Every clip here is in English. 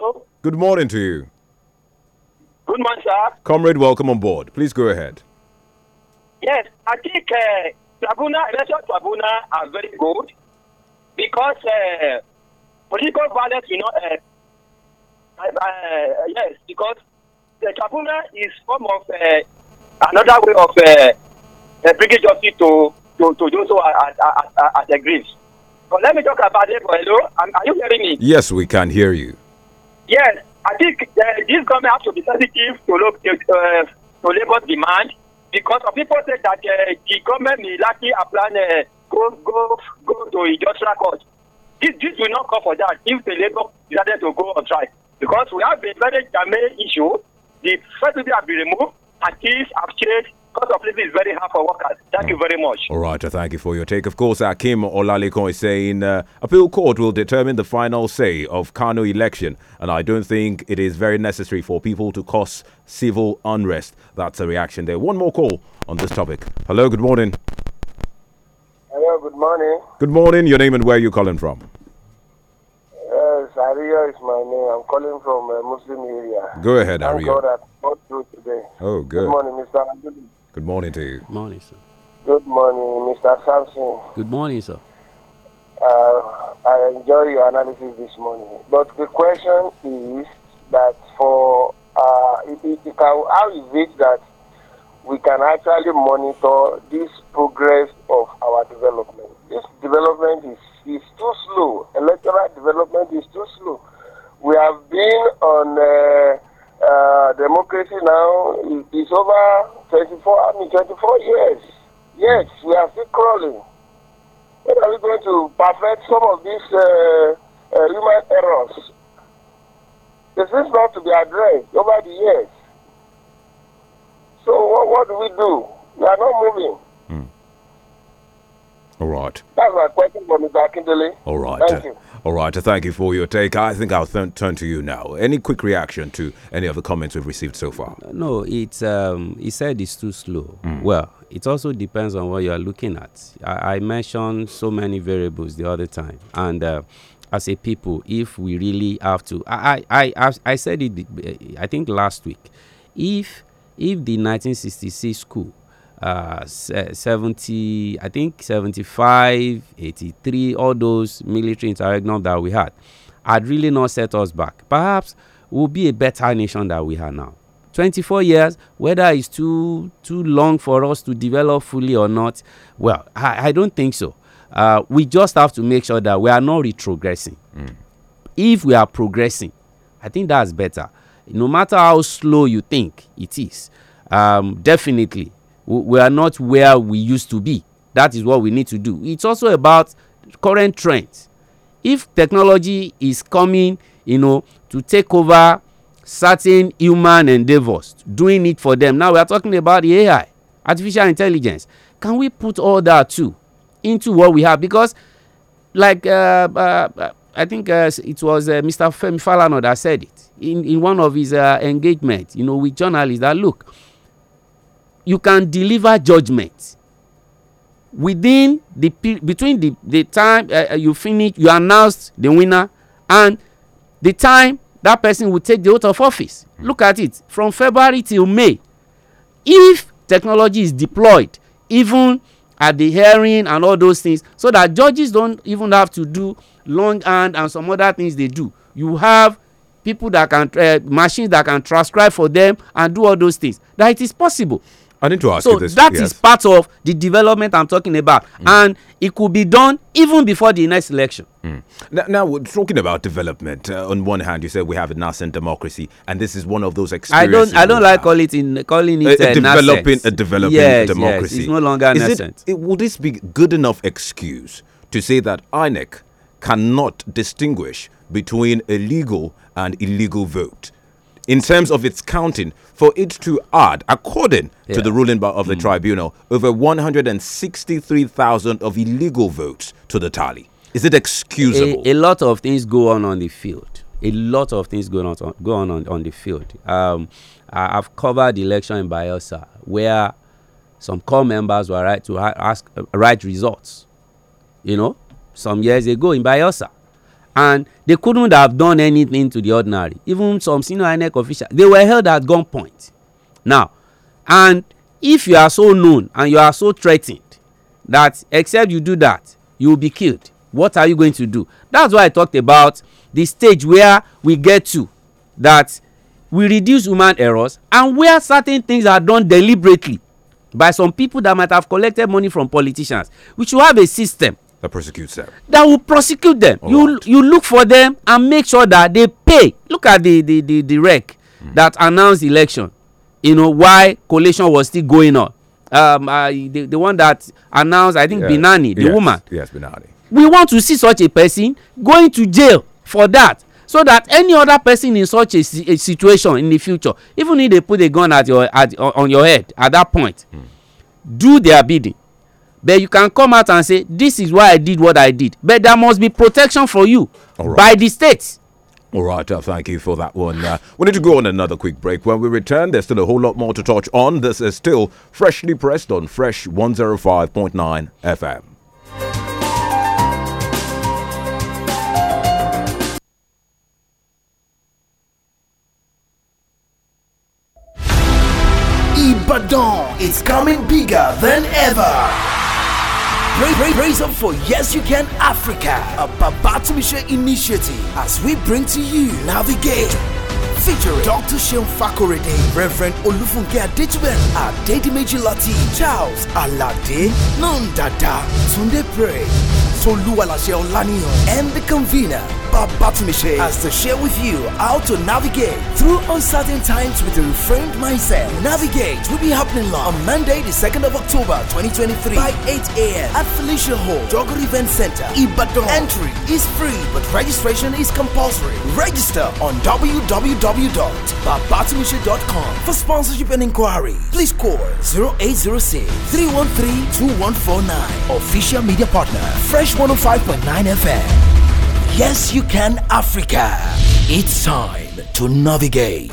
Hello. Good morning to you. Good morning, sir. Comrade, welcome on board. Please go ahead. Yes, I think uh, Tribuna, election are very good because uh, political violence, you know, uh, uh, yes, because the Tabuna is form of uh, another way of uh, uh, bringing justice to, to, to do so at, at, at, at the But let me talk about it for Are you hearing me? Yes, we can hear you. Yes, I think uh, this government has to be sensitive to, look, uh, to labour's demand because some people say that uh, the government may likely plan uh, go go go to industrial court. This this will not call for that if the labour decided to go on strike because we have a very germane issue. The first people have been removed and things have changed cost of living is very hard for workers. Thank you very much. All right, uh, thank you for your take. Of course, Akim uh, Olalikon is saying uh, appeal court will determine the final say of Kano election, and I don't think it is very necessary for people to cause civil unrest. That's a reaction there. One more call on this topic. Hello, good morning. Hello, good morning. Good morning. Your name and where are you calling from? Yes, uh, Aria is my name. I'm calling from a Muslim area. Go ahead, Aria. God I through today. Oh, good. Good morning, Mr. Abdul. Good morning to you. Morning, sir. Good morning, Mr. Sampson. Good morning, sir. Uh, I enjoy your analysis this morning. But the question is that for uh, it, it can, how is it that we can actually monitor this progress of our development? This development is, is too slow. Electoral development is too slow. We have been on. Uh, uh, democracy now is, is over 24, I mean 24 years. Yes, we are still crawling. When are we going to perfect some of these uh, uh, human errors? This is not to be addressed over the years. So what, what do we do? We are not moving. All right. That's my question for Mr. Akindele. All right. Thank you. All right. Thank you for your take. I think I'll turn to you now. Any quick reaction to any of the comments we've received so far? No, it's um, he said it's too slow. Mm. Well, it also depends on what you are looking at. I, I mentioned so many variables the other time, and. Uh, as a people, if we really have to, I, I, I, I said it. Uh, I think last week, if if the 1966 school uh, 70 i think 75 83 all those military interregnum that we had had really not set us back perhaps we'll be a better nation than we are now 24 years whether it's too too long for us to develop fully or not well i, I don't think so uh, we just have to make sure that we are not retrogressing mm. if we are progressing i think that's better no matter how slow you think it is um, definitely we are not where we used to be that is what we need to do it's also about current trends if technology is coming you know to take over certain human endeavors doing it for them now we are talking about the ai artificial intelligence can we put all that too into what we have because like uh, uh, uh i think uh, it was uh, mr femi falana that said it in, in one of his uh, engagement you know with journalists that look you can deliver judgment within the between the the time uh, uh, you finish you announce the winner and the time that person will take the oath of office look at it from february till may if technology is deployed even at the hearing and all those things so that judges don't even have to do long hand and some other things they do you have people that can uh, machines that can transcribe for them and do all those things that it is possible I need to ask so you this. that yes. is part of the development I'm talking about, mm. and it could be done even before the next election. Mm. Now, now, we're talking about development. Uh, on one hand, you said we have a nascent democracy, and this is one of those experiences. I don't, I don't like call it in calling it a, a, a developing nascent. a developing yes, democracy. Yes, it's no longer is nascent. It, it, this be good enough excuse to say that INEC cannot distinguish between a legal and illegal vote? in terms of its counting for it to add, according yeah. to the ruling of the mm. tribunal, over 163,000 of illegal votes to the tally. Is it excusable? A, a, lot of things go on on the field. A lot of things go on go on on, on the field. Um, I, have covered election in Bielsa where some core members were right to ask uh, right results. You know, some years ago in Bielsa, and they couldn't have done anything to the ordinary even some senior inec officials they were held at gunpoint now and if you are so known and you are so threatened that except you do that you will be killed what are you going to do that's why i talked about the stage where we get to that we reduce human errors and where certain things are done deliberately by some people that might have collected money from politicians we should have a system that persecutes them. That will prosecute them. you oh. you look for them and make sure that they pay. Look at the the the, the wreck mm. that announced election. You know why coalition was still going on. Um, uh, the the one that announced I think yes. Binani, the yes. woman. Yes, Binani. We want to see such a person going to jail for that, so that any other person in such a, a situation in the future, even if they put a gun at your at on your head at that point, mm. do their bidding but you can come out and say this is why i did what i did but there must be protection for you right. by the state all right, uh, thank you for that one. Uh, we need to go on another quick break. When we return, there's still a whole lot more to touch on. This is still freshly pressed on Fresh 105.9 FM. Ibadan is coming bigger than ever. Praise, praise up for Yes You Can Africa, a Babatumisha initiative as we bring to you Navigate. Featuring Dr. Shem Fakorede, Reverend Olufunke Adetuben, Adedimeji Lati, Charles Alade, Nandada, Tunde Pray, and the convener Batumiche, has to share with you how to navigate through uncertain times with a reframed mindset. Navigate will be happening live on Monday, the 2nd of October 2023 by 8 a.m. at Felicia Hall, Jogger Event Center, Ibadan. Entry is free but registration is compulsory. Register on www.babatunde.com for sponsorship and inquiry. Please call 0806 313 2149. Official media partner Fresh Fresh 105.9 FM. Yes, you can, Africa. It's time to navigate.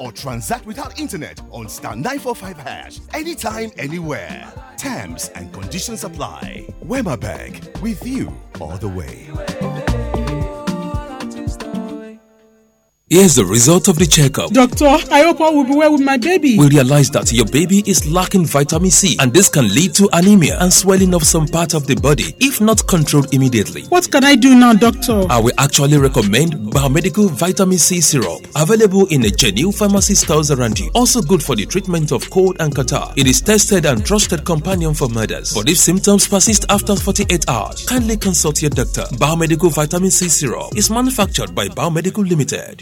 or transact without internet on star 945 hash anytime, anywhere. Terms and conditions apply. Wemma Bank with you all the way. Here's the result of the checkup. Doctor, I hope all will be well with my baby. We realize that your baby is lacking vitamin C, and this can lead to anemia and swelling of some part of the body if not controlled immediately. What can I do now, doctor? I will actually recommend biomedical vitamin C syrup, available in a genuine pharmacy stores around you. Also good for the treatment of cold and catarrh. It is tested and trusted companion for mothers. But if symptoms persist after 48 hours, kindly consult your doctor. Biomedical vitamin C syrup is manufactured by Biomedical Limited.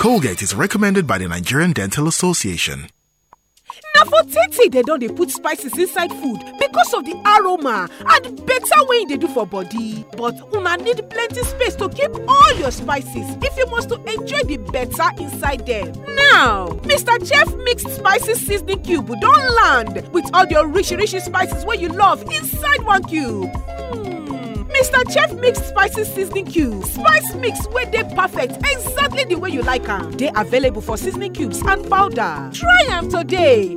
Colgate is recommended by the Nigerian Dental Association. Now, for they don't they put spices inside food because of the aroma and better way they do for body but una need plenty space to keep all your spices if you must to enjoy the better inside them. now mr chef mixed spices seasoning cube don't land with all your the orishirishi spices where you love inside one cube hmm. mr chef mix spicy seasoning cubes spice mix where they perfect exactly the way you like am dey available for seasoning cubes and powder try am today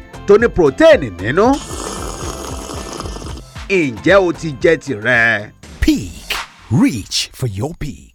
tó ní protein nínú. ǹjẹ́ o ti jẹ tirẹ̀? Peak reach for your peak.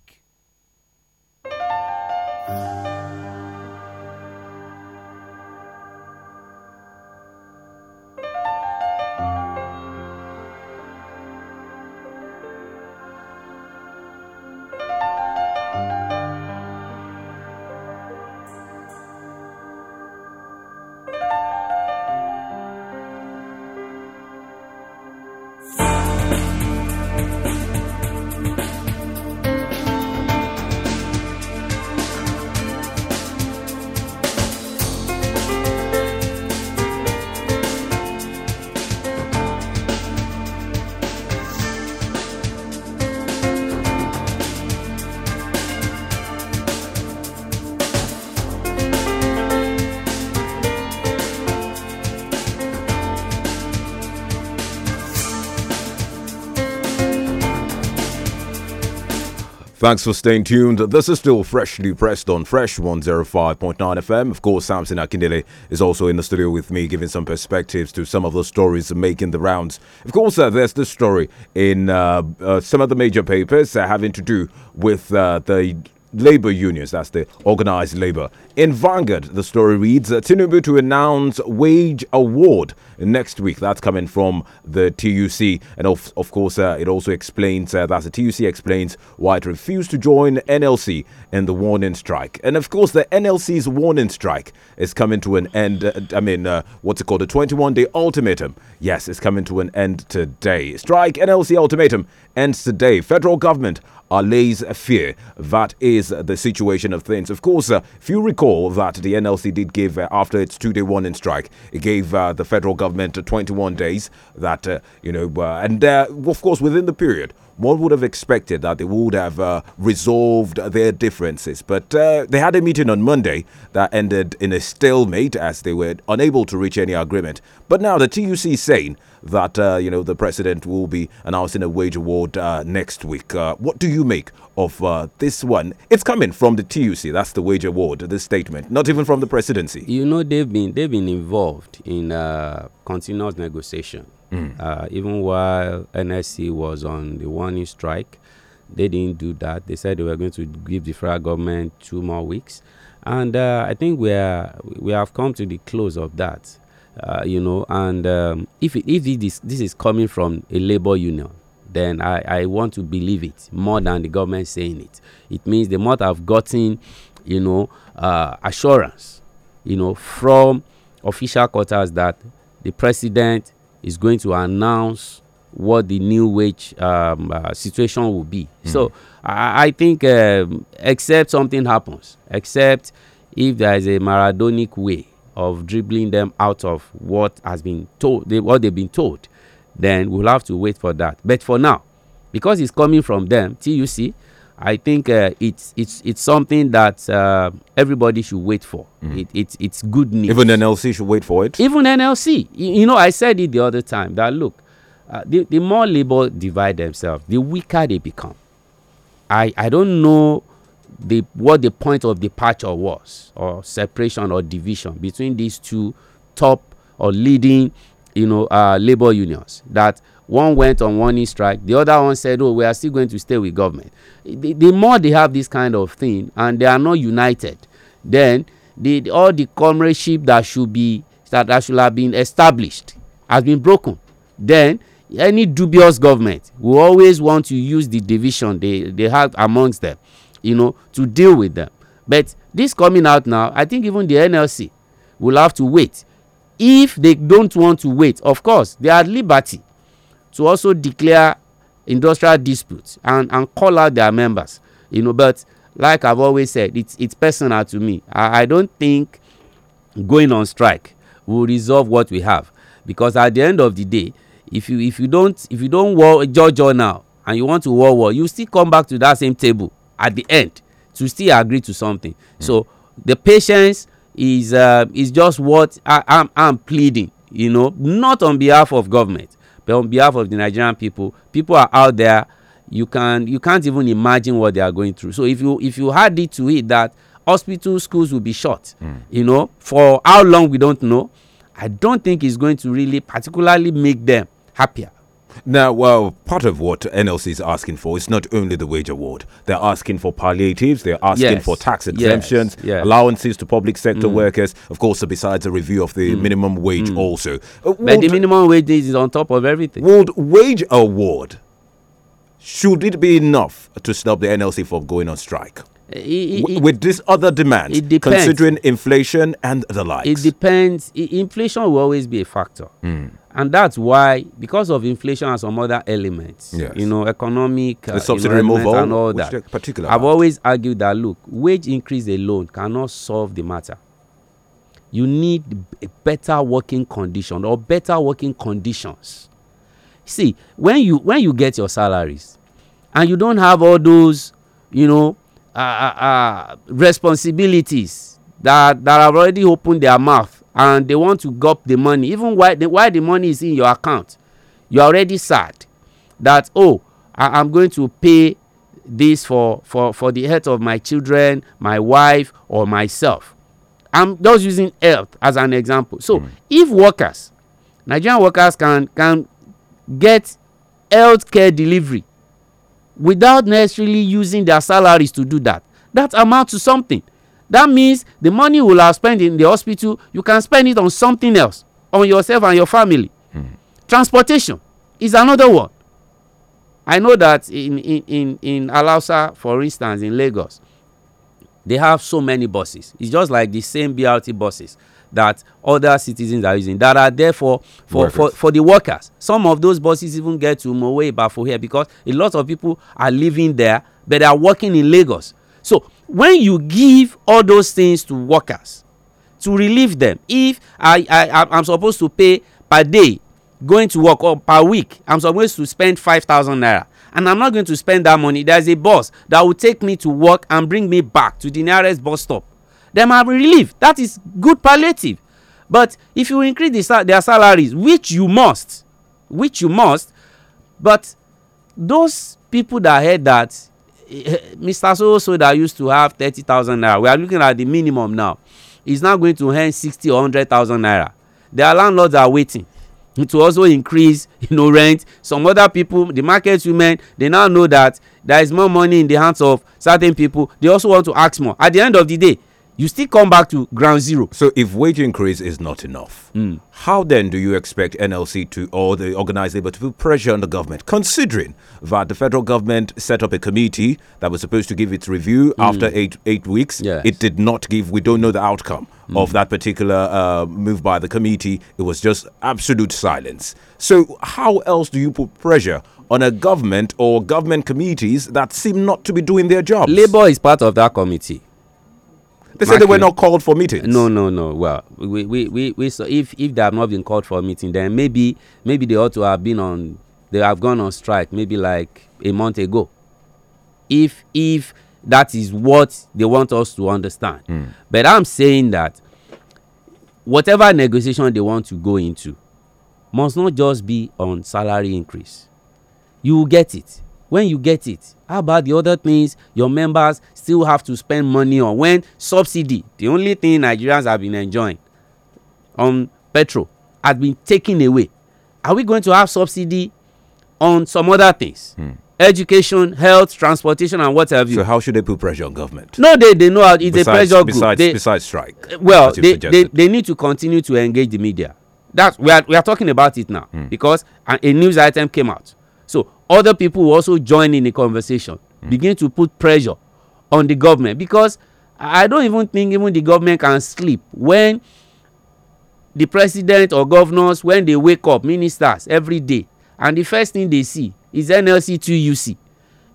Thanks for staying tuned. This is still freshly pressed on Fresh 105.9 FM. Of course, Samson Akindele is also in the studio with me, giving some perspectives to some of the stories making the rounds. Of course, uh, there's this story in uh, uh, some of the major papers having to do with uh, the labor unions, that's the organized labor. In Vanguard, the story reads uh, Tinubu to announce wage award next week. That's coming from the TUC. And of, of course, uh, it also explains uh, that the TUC explains why it refused to join NLC in the warning strike. And of course, the NLC's warning strike is coming to an end. Uh, I mean, uh, what's it called? A 21 day ultimatum. Yes, it's coming to an end today. Strike NLC ultimatum ends today. Federal government a laissez-faire. That is the situation of things. Of course, uh, if you recall that the NLC did give, uh, after its two-day warning strike, it gave uh, the federal government 21 days that, uh, you know, uh, and uh, of course, within the period, one would have expected that they would have uh, resolved their differences. But uh, they had a meeting on Monday that ended in a stalemate as they were unable to reach any agreement. But now the TUC is saying that uh, you know the president will be announcing a wage award uh, next week. Uh, what do you make of uh, this one? It's coming from the TUC. That's the wage award. This statement, not even from the presidency. You know, they've been they've been involved in uh, continuous negotiation. Mm. even while NSC was on the warning strike, they didn't do that. They said they were going to give the federal government two more weeks, and I think we are we have come to the close of that. Uh, you know and um, if if this this is coming from a labor union then I, I want to believe it more than the government saying it it means they must have gotten you know uh, assurance you know from official quarters that the president is going to announce what the new wage um, uh, situation will be. Mm. So I, I think, um, except something happens, except if there is a Maradonic way of dribbling them out of what has been told, they, what they've been told, then we'll have to wait for that. But for now, because it's coming from them, TUC, I think uh, it's it's it's something that uh, everybody should wait for. Mm. It, it's it's good news. Even NLC should wait for it. Even NLC, you, you know, I said it the other time that look, uh, the the more Labour divide themselves, the weaker they become. I I don't know the what the point of departure was or separation or division between these two top or leading you know uh, labor unions that one went on one strike the other one said oh we are still going to stay with government the, the more they have this kind of thing and they are not united then the, all the comradeship that should be that, that should have been established has been broken then any dubious government will always want to use the division they they have amongst them you know to deal with them but this coming out now i think even the nlc will have to wait if they don't want to wait of course they are at liberty to also declare industrial disputes and and call out their members you know but like i've always said it's it's personal to me i, I don't think going on strike will resolve what we have because at the end of the day if you if you don't if you don't war, judge all now and you want to war war you still come back to that same table at the end to still agree to something. Mm. So the patience is uh, is just what I, am I'm, I'm pleading. You know, not on behalf of government, but on behalf of the Nigerian people. People are out there. You can you can't even imagine what they are going through. So if you if you had it to it that hospital schools will be shut, mm. you know, for how long we don't know. I don't think it's going to really particularly make them happier. Now, well, part of what NLC is asking for is not only the wage award. They're asking for palliatives. They're asking yes. for tax exemptions, yes. yes. allowances to public sector mm. workers. Of course, besides a review of the mm. minimum wage mm. also. Uh, but the minimum wage is on top of everything. Would wage award, should it be enough to stop the NLC from going on strike? It, it, with this other demand, it depends. considering inflation and the like, It depends. Inflation will always be a factor. Mm and that's why because of inflation and some other elements yes. you know economic the uh, subsidy removal and all that particular i've always argued that look wage increase alone cannot solve the matter you need a better working condition or better working conditions see when you when you get your salaries and you don't have all those you know uh, uh, uh responsibilities that that have already opened their mouth and they want to gob the money even while the, while the money is in your account you are already sad that oh I, am going to pay this for for for the health of my children my wife or myself i'm just using health as an example so mm. if workers nigerian workers can can get health care delivery without necessarily using their salaries to do that that amount to something that means the money you will have spent in the hospital you can spend it on something else on yourself and your family mm. transportation is another one i know that in in in in alausa for instance in lagos they have so many buses it's just like the same brt buses that other citizens are using that are there for for for, for the workers some of those buses even get to but for here because a lot of people are living there but they are working in lagos so when you give all those things to workers to relieve them if i i i'm supposed to pay per day going to work or per week i'm supposed to spend five thousand naira and i'm not going to spend that money there's a bus that will take me to work and bring me back to the nearest bus stop then i'm relieved that is good palliative but if you increase the sal their salaries which you must which you must but those people that heard that Mr. So so that used to have thirty thousand naira we are looking at the minimum now he's now going to earn sixty or hundred thousand naira their landlords are waiting to also increase you know rent some other people the market women they now know that there is more money in the hands of certain people they also want to ask more at the end of the day you still come back to ground zero. So if wage increase is not enough, mm. how then do you expect NLC to or the organized labor to put pressure on the government, considering that the federal government set up a committee that was supposed to give its review mm. after eight eight weeks? Yes. It did not give. We don't know the outcome mm. of that particular uh, move by the committee. It was just absolute silence. So how else do you put pressure? on a government or government committees that seem not to be doing their job. Labour is part of that committee. They said they were not called for meetings. No, no, no. Well, we, we, we, we so if if they have not been called for a meeting, then maybe maybe they ought to have been on. They have gone on strike maybe like a month ago. If if that is what they want us to understand, mm. but I'm saying that whatever negotiation they want to go into must not just be on salary increase. You will get it when you get it how about the other things your members still have to spend money on when subsidy the only thing nigerians have been enjoying on petrol has been taken away are we going to have subsidy on some other things hmm. education health transportation and what have you. so how should they put pressure on government. no they they know how it's a pressure besides, group. They, besides strike. Uh, well they, they, they need to continue to engage the media that's we are we are talking about it now. Hmm. because a, a news item came out other people also join in the conversation mm. begin to put pressure on the government because i don't even think even the government can sleep when the president or governors when they wake up ministers every day and the first thing they see is nlc 2uc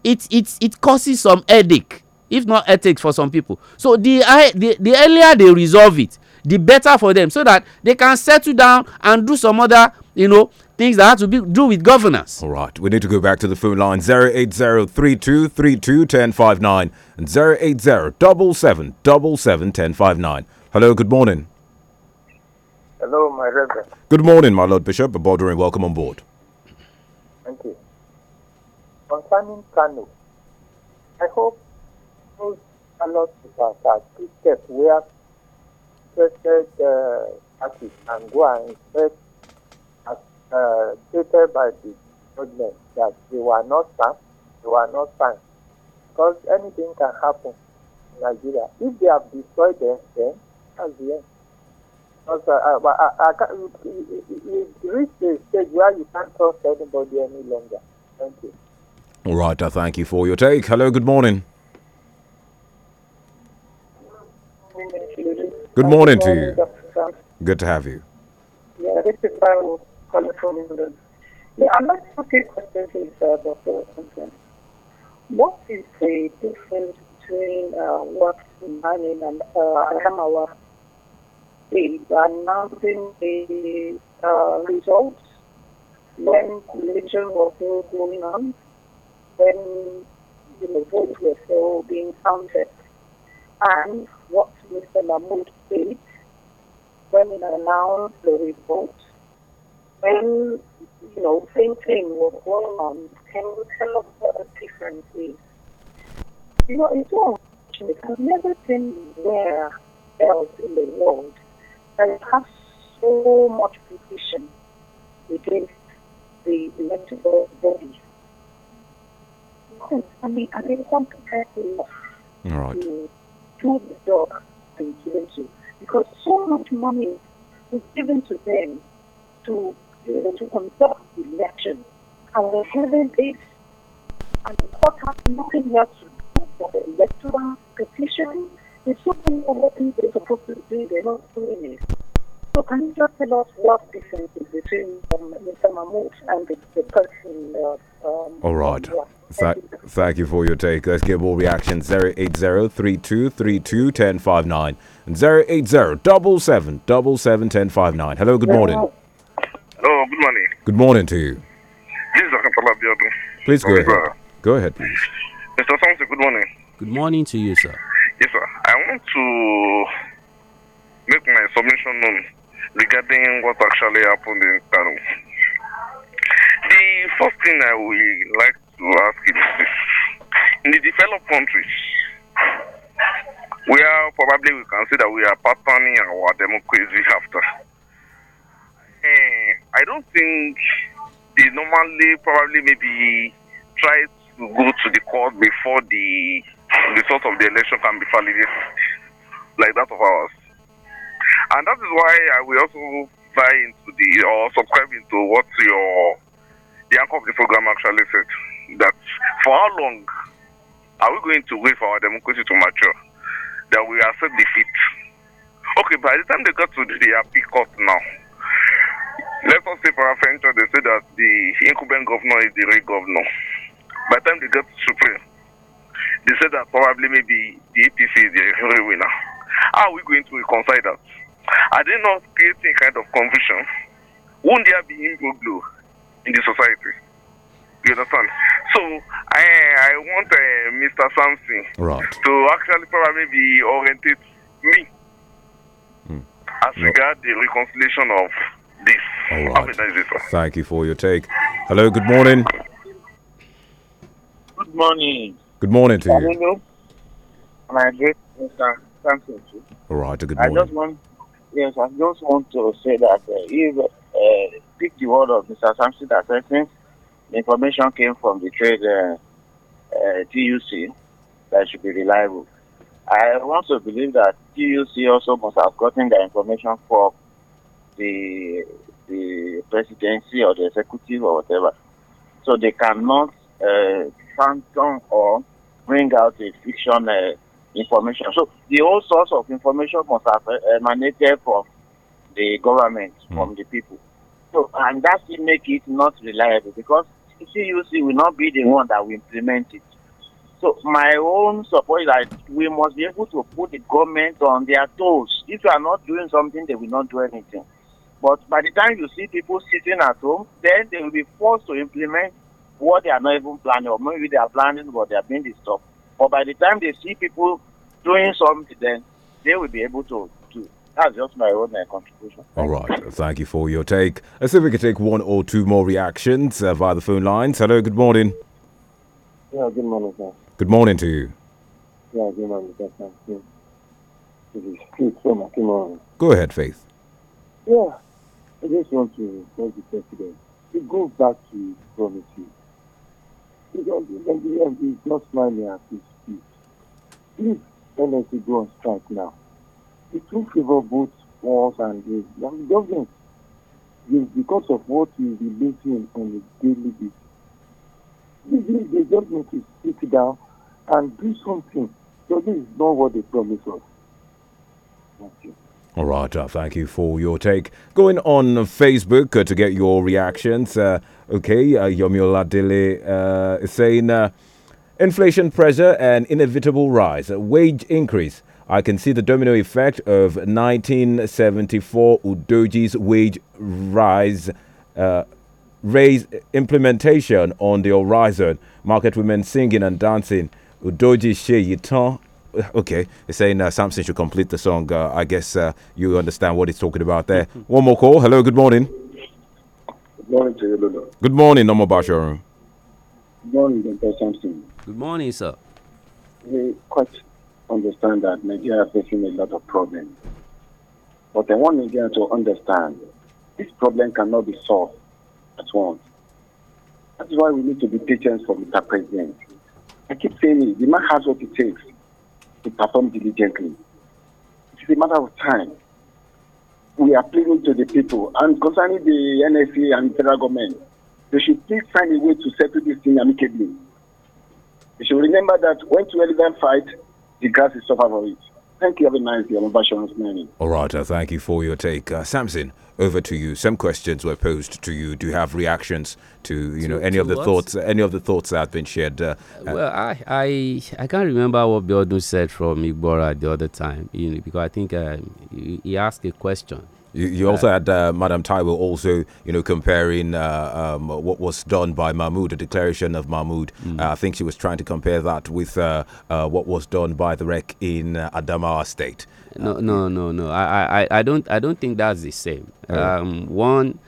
it it it causes some headache if not headache for some people so the i the, the earlier they resolve it the better for them so that they can settle down and do some other you know things that had to be, do with governance. All right, we need to go back to the phone line 08032321059 and 08077771059. Hello, good morning. Hello, my Reverend. Good morning, my Lord Bishop. A bordering welcome on board. Thank you. Concerning Kano, I hope those of us are picked up where interested uh, parties go and inspect uh, stated by the government that they were not safe, they were not sanctioned. Because anything can happen in Nigeria. If they have destroyed them, then that's the end. Because uh, I, uh, I, I can't, it, a stage where you can't trust anybody any longer. Thank you. All right, I thank you for your take. Hello, good morning. Good morning to you. Good to have you. Yeah, this is caller England. Yeah, I'd like to ask you a uh, Dr. Thompson. What is the difference between uh, what mining and uh, did is announcing the uh, results when religion was still going on, when you know, votes were still being counted, and what Mr. Mahmoud did when he announced the results when you know same thing was going on can we help uh, differently you know it's so unfortunate i've never been there else in the world that have so much position against the electoral body I mean, I mean, some people right. to do the job and given to because so much money is given to them to to conduct elections, election. And we're having this an important looking here to do for the electoral petition. There's so many other things they're supposed to do, they're not doing it. So can you just tell us what difference is between um, Mr. Mahmoud and the, the person? Uh, um, All right. thank you for your take. Let's get more reactions. 080-3232-1059 and 080-777-1059. Hello, good morning. Oh, good morning. Good morning to you. This is Please go ahead. Go ahead, please. Mr. Thompson, good morning. Good morning to you, sir. Yes, sir. I want to make my submission known regarding what actually happened in Kano. The first thing I would like to ask is this. In the developed countries, where probably we can say that we are patterning our democracy after Hmm, I don't think they normally probably maybe try to go to the court before the result of the election can be validated, like that of ours. And that is why I will also buy into the or subscribe into what your the anchor of the program actually said that for how long are we going to wait for our democracy to mature that we accept defeat? Okay, by the time they got to the appeal court now, let us say, for our friend, they say that the incumbent governor is the real governor. By the time they get to Supreme, they said that probably maybe the APC is the real winner. How are we going to reconcile that? Are they not creating kind of confusion? Won't there be imbroglio in the society? You understand? So I I want uh, eh, Mr. Samson right. to actually probably be oriented me mm. as no. regard the reconciliation of this. All right. Thank you for your take. Hello, good morning. Good morning. Good morning to you. All right, good morning. I just want, yes, I just want to say that uh, if uh, pick the word of Mr. Sampson that since the information came from the trade uh, uh, TUC, that should be reliable. I want to believe that TUC also must have gotten the information from the the presidency or the executive or whatever. So they cannot uh, or bring out a fiction uh, information. So the whole source of information must have uh, emanated from the government, mm. from the people. So and that will make it not reliable because CUC will not be the one that will implement it. So my own support is that we must be able to put the government on their toes. If you are not doing something, they will not do anything. But by the time you see people sitting at home, then they will be forced to implement what they are not even planning, or maybe they are planning but they are being disturbed. But by the time they see people doing something, then they will be able to That's just my own uh, contribution. All right. Thank you for your take. Let's see if we can take one or two more reactions uh, via the phone lines. Hello, good morning. Yeah, good morning, sir. Good morning to you. Yeah, good morning, sir. Thank you. This is Good morning. Go ahead, Faith. Yeah, I just want to tell the president. It goes back to promises. Because Nigeria is not smiling at his feet. Please, NSC go on strike now. It will favor both us and the and government. It's because of what you will be on a daily basis. Please, the government is sit down and do something. So this is not what they promised us. Thank you. All right, uh, thank you for your take. Going on Facebook uh, to get your reactions. Uh, okay, uh, Yomiola Dele uh, is saying uh, inflation pressure and inevitable rise, uh, wage increase. I can see the domino effect of 1974 Udoji's wage rise raise implementation on the horizon. Market women singing and dancing. Udoji Sheyitan okay, it's saying uh, Samson should complete the song. Uh, I guess uh, you understand what he's talking about there. One more call. Hello, good morning. Good morning to you, Lulu. Good morning, Nomo Basharum. Good morning, Dr. Samson. Good morning, sir. We quite understand that Nigeria is facing a lot of problems. But I want Nigeria to understand this problem cannot be solved at once. That's why we need to be patient for Mr. President. I keep saying it, the man has what it takes to perform diligently. It is a matter of time. We are pleading to the people. And concerning the NSA and federal government, they should please find a way to settle this thing amicably. They should remember that when two elephants fight, the grass is suffer for it. Thank you. Have a nice day. I'm All right. Uh, thank you for your take. Uh, Samson, over to you. Some questions were posed to you. Do you have reactions to you to, know any of the what? thoughts? Any of the thoughts that have been shared? Uh, uh, well, I, I I can't remember what Biodun said from Igbora the other time. You know, because I think um, he asked a question you, you also had uh, Madam Taiwo also, you know, comparing uh, um, what was done by Mahmoud, the declaration of Mahmoud. Mm. Uh, I think she was trying to compare that with uh, uh, what was done by the REC in uh, Adamawa State. No, no, no, no. I, I, I don't, I don't think that's the same. Oh. Um, one,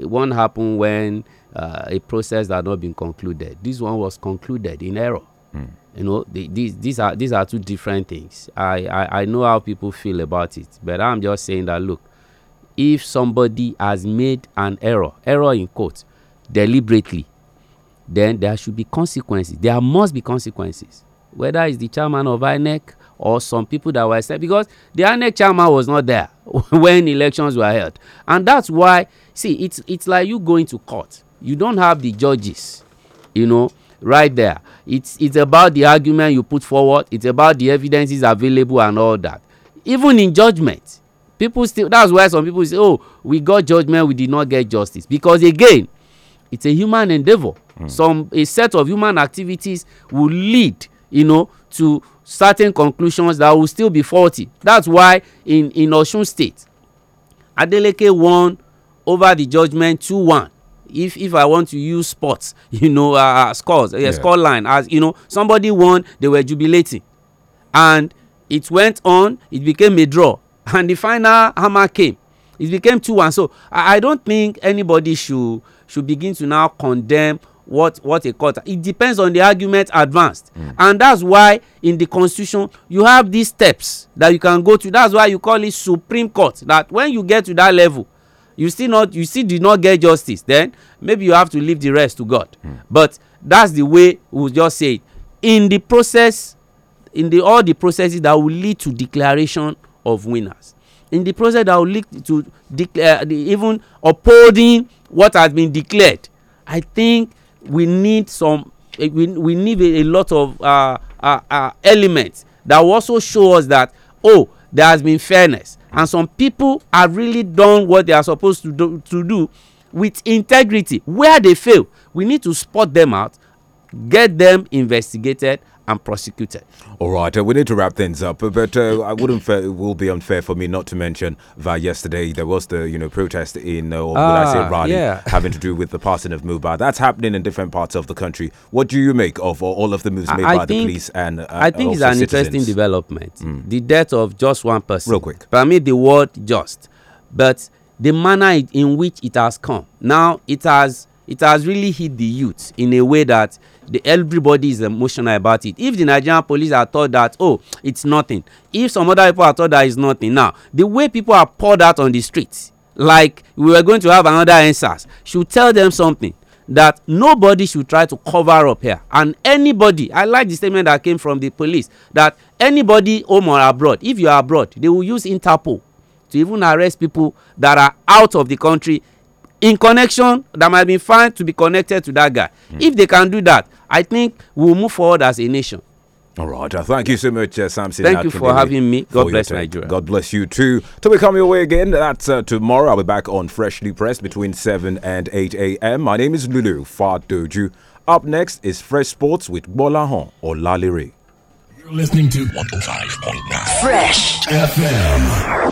one happened when a process had not been concluded. This one was concluded in error. Mm. You know, the, these these are these are two different things. I, I, I know how people feel about it, but I'm just saying that look if somebody has made an error error in court, deliberately then there should be consequences there must be consequences whether it's the chairman of inec or some people that were said because the INEC chairman was not there when elections were held and that's why see it's it's like you going to court you don't have the judges you know right there it's it's about the argument you put forward it's about the evidences available and all that even in judgment people still that's why some people say oh we got judgment we did not get justice because again it's a human endeavor mm. some a set of human activities will lead you know to certain conclusions that will still be faulty that's why in in osun state adeleke won over the judgment two one if if i want to use sports you know uh, uh scores uh, yeah. score line as you know somebody won they were jubilating and it went on it became a draw and the final hammer came it became two one so i, I don't think anybody should should begin to now condemn what what a court it depends on the argument advanced mm. and that's why in the constitution you have these steps that you can go to that's why you call it supreme court that when you get to that level you still not you still did not get justice then maybe you have to leave the rest to god mm. but that's the way we just say it in the process in the all the processes that will lead to declaration of winners. In the process that will lead to declare, even upholding what has been declared, I think we need some, eh, we, we need a, a lot of uh, uh, uh, elements that will also show us that, oh, there has been fairness. And some people have really done what they are supposed to do, to do with integrity. Where they fail, we need to spot them out, get them investigated, and prosecuted. All right, uh, we need to wrap things up, but uh, I wouldn't. Fa- it will be unfair for me not to mention that yesterday there was the you know protest in uh, or I say ah, rally yeah. having to do with the passing of Mubarak. That's happening in different parts of the country. What do you make of all of the moves made I by think, the police and? Uh, I think it's an citizens? interesting development. Mm. The death of just one person. Real quick. But I mean the word just, but the manner in which it has come. Now it has it has really hit the youth in a way that the everybody is emotional about it if the nigerian police are told that oh it's nothing if some other people are told that it's nothing now the way people are poured out on the streets like we were going to have another answers should tell them something that nobody should try to cover up here and anybody i like the statement that came from the police that anybody home or abroad if you are abroad they will use interpol to even arrest people that are out of the country in connection that might be found to be connected to that guy. Mm. If they can do that, I think we'll move forward as a nation. All right. Uh, thank you so much, uh, Samson. Thank you for having me. God bless Nigeria. God bless you too. Till we come your way again, that's uh, tomorrow. I'll be back on Freshly Pressed between 7 and 8 a.m. My name is Lulu Fadoju. Up next is Fresh Sports with Bolahon or Lalire. You're listening to 105.9 Fresh FM.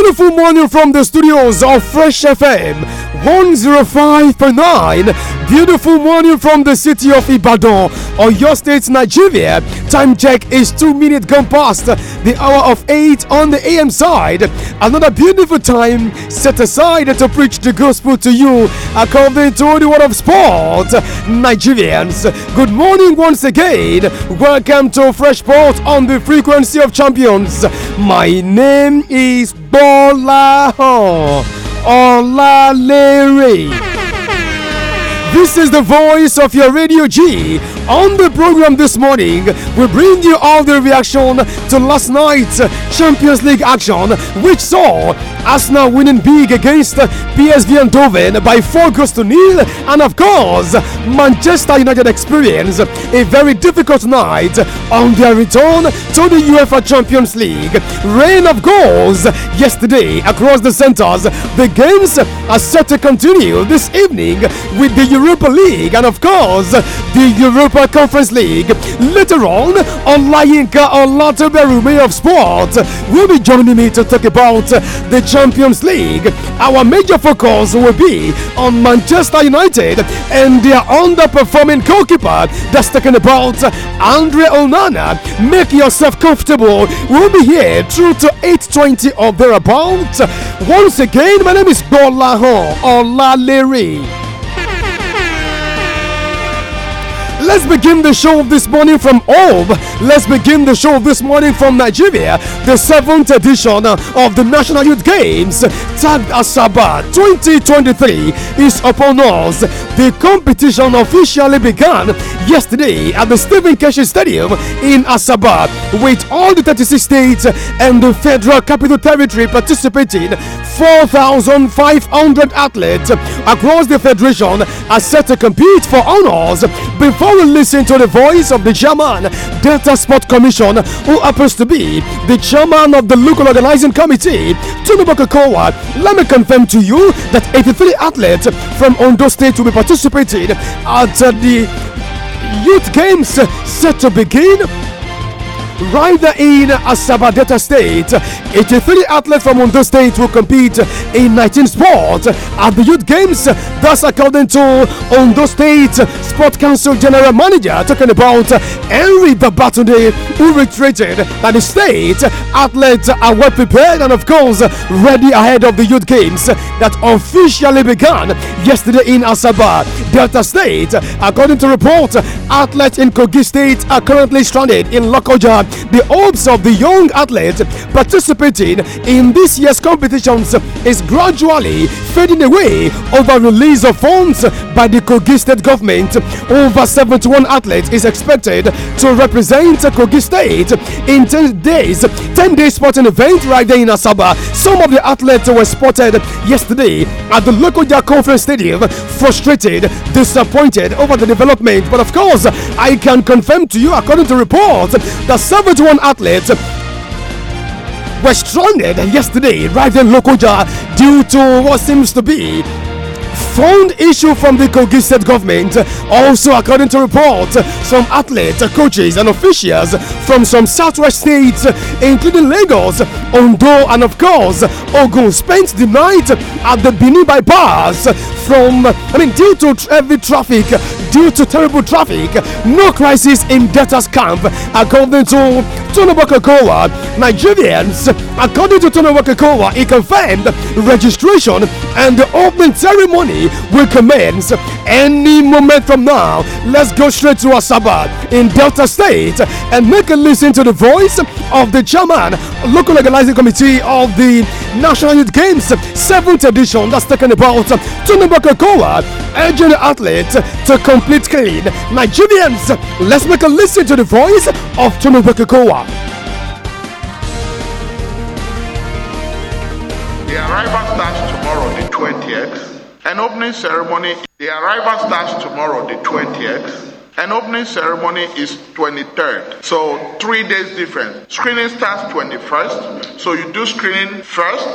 beautiful morning from the studios of Fresh FM 105.9. Beautiful morning from the city of Ibadan, your State, Nigeria. Time check is two minutes gone past the hour of 8 on the AM side. Another beautiful time set aside to preach the gospel to you according to the world of sport. Nigerians, good morning once again. Welcome to Fresh Sport on the frequency of champions. My name is Bola. Olalere. This is the voice of your Radio G. On the program this morning, we bring you all the reaction to last night's Champions League action, which saw Arsenal winning big against PSV Eindhoven by 4 goals to nil. And of course, Manchester United experience a very difficult night on their return to the UEFA Champions League. Rain of goals yesterday across the centres. The games are set to continue this evening with the Europa League and of course the Europa Conference League. Later on, Olayinka Olateberume of Sport will be joining me to talk about the Champions League, our major focus will be on Manchester United and their underperforming goalkeeper. That's talking about Andre Onana. Make yourself comfortable. We'll be here through to 8:20 or thereabouts. Once again, my name is Bola Hon Olalere. let's begin the show of this morning from Orb. Let's begin the show of this morning from Nigeria, the seventh edition of the National Youth Games, tagged Asaba 2023, is upon us. The competition officially began yesterday at the Stephen Keshi Stadium in Asaba, with all the 36 states and the federal capital territory participating 4,500 athletes across the federation are set to compete for honors. Before we listen to the voice of the chairman, Delta Sport Commission, who happens to be the chairman of the local organizing committee, Tinubu Kokowa, let me confirm to you that 83 athletes from Ondo State will be participating at the Youth Games set to begin Rider in Delta State. 83 athletes from Ondo State will compete in 19 sports at the Youth Games. That's according to Ondo State Sport Council General Manager talking about Henry Babatunde who retreated that the state athletes are well prepared and of course ready ahead of the Youth Games that officially began yesterday in Asaba, Delta State. According to report, athletes in Kogi State are currently stranded in Lokoja the hopes of the young athletes participating in this year's competitions is gradually fading away over release of funds by the Kogi State government. Over 71 athletes is expected to represent Kogi State in 10 days, 10 day sporting event right there in Asaba. Some of the athletes were spotted yesterday at the local conference stadium, frustrated, disappointed over the development. But of course, I can confirm to you, according to reports, that Savage One Athletes were stranded yesterday right in Lokoja due to what seems to be fund issue from the Kogi state government. Also, according to reports, some athletes, coaches, and officials from some southwest states, including Lagos, Ondo, and of course, Ogun, spent the night at the Benin bypass from, I mean, due to heavy traffic, due to terrible traffic, no crisis in debtors camp, according to Tonobo Kokoa, Nigerians, according to Tonobo Kokoa, he confirmed registration and the opening ceremony will commence any moment from now. Let's go straight to Asaba in Delta State and make a listen to the voice of the chairman, local organizing committee of the National Youth Games 7th edition. That's taken about Tonobo Kokoa, urging the athlete to complete clean. Nigerians, let's make a listen to the voice of Tonobo Kokoa. The arrival starts tomorrow, the 20th. An opening ceremony. The arrival starts tomorrow, the 20th. And opening ceremony is 23rd. So three days different. Screening starts 21st. So you do screening first,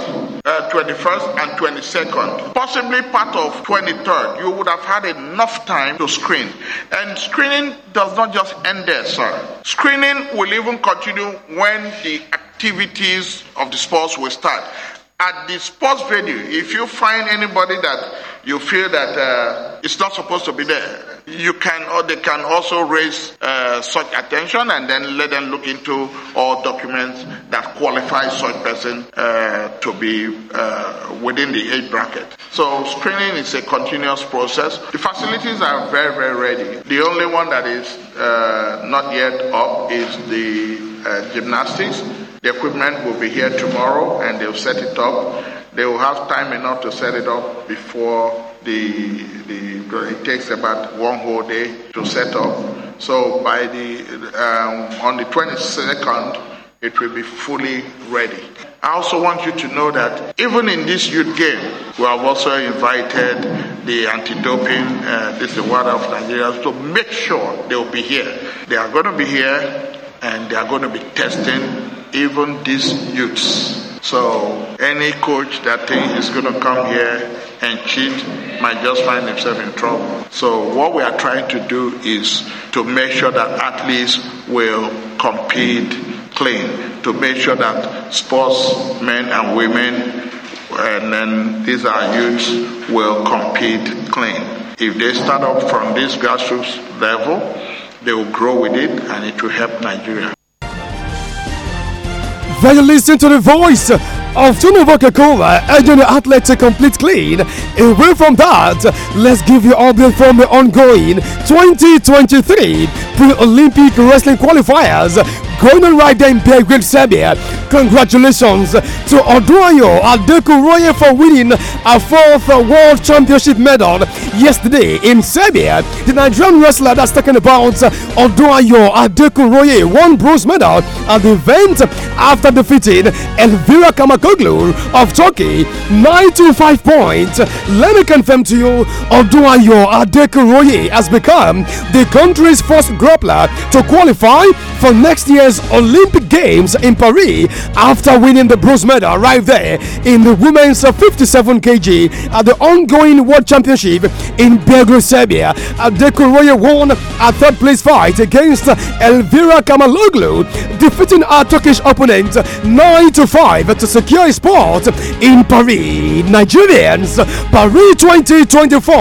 uh, 21st and 22nd. Possibly part of 23rd. You would have had enough time to screen. And screening does not just end there, sir. Screening will even continue when the activities of the sports will start at the sports venue, if you find anybody that you feel that uh, it's not supposed to be there, you can or they can also raise uh, such attention and then let them look into all documents that qualify such person uh, to be uh, within the age bracket. So screening is a continuous process. The facilities are very very ready. The only one that is uh, not yet up is the uh, gymnastics the equipment will be here tomorrow and they'll set it up. They will have time enough to set it up before the, the it takes about one whole day to set up. So by the um, on the 22nd, it will be fully ready. I also want you to know that even in this youth game, we have also invited the anti-doping, uh, this is the water of Nigeria, to make sure they will be here. They are going to be here and they are going to be testing even these youths. So any coach that thinks he's going to come here and cheat might just find himself in trouble. So what we are trying to do is to make sure that athletes will compete clean, to make sure that sports men and women and then these are youths will compete clean. If they start up from this grassroots level, they will grow with it and it will help Nigeria. Then you listen to the voice of Tunuvo Kakula and your athlete to complete clean. Away from that, let's give you update from the ongoing 2023 Pre-Olympic Wrestling Qualifiers going on right there in Belgrade, Serbia. Congratulations to Oduayo Adekuroye for winning a fourth World Championship medal yesterday in Serbia. The Nigerian wrestler that's talking about Oduayo Adekuroye won bronze medal at the event after defeating Elvira Kamakoglu of Turkey 925 points. Let me confirm to you, Oduayo Adekuroye has become the country's first grappler to qualify for next year's Olympic Games in Paris after winning the bronze medal right there in the women's 57 kg at the ongoing World Championship in Belgrade, Serbia. Adeko won a third place fight against Elvira Kamaloglu, defeating her Turkish opponent 9 to 5 to secure a spot in Paris. Nigerians, Paris 2024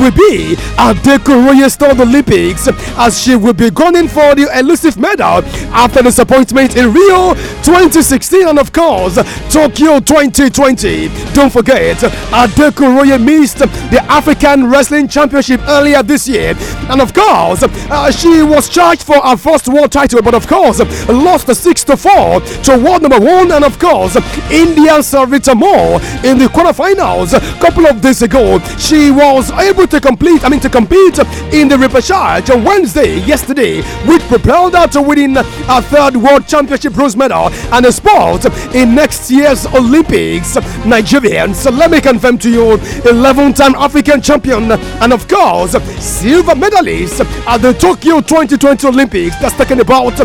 will be Adeko Roya's third Olympics as she will be gunning for the elusive medal. After after disappointment in Rio 2016 and, of course, Tokyo 2020. Don't forget, Adeku Roye missed the African Wrestling Championship earlier this year. And, of course, uh, she was charged for her first world title, but, of course, lost 6 to 4 to world number one, and, of course, Indian Sarita Moore in the quarterfinals a couple of days ago. She was able to complete, I mean, to compete in the repechage on Wednesday, yesterday, which propelled her to winning uh, a third World Championship bronze medal and a spot in next year's Olympics. Nigerian, so let me confirm to you, 11 time African champion and, of course, silver medalist at the Tokyo 2020 Olympics. That's talking about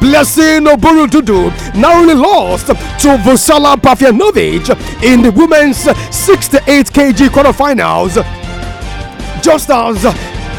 Blessing Oborududu narrowly lost to Vusala Pafianovic in the women's 68 kg quarterfinals. Just as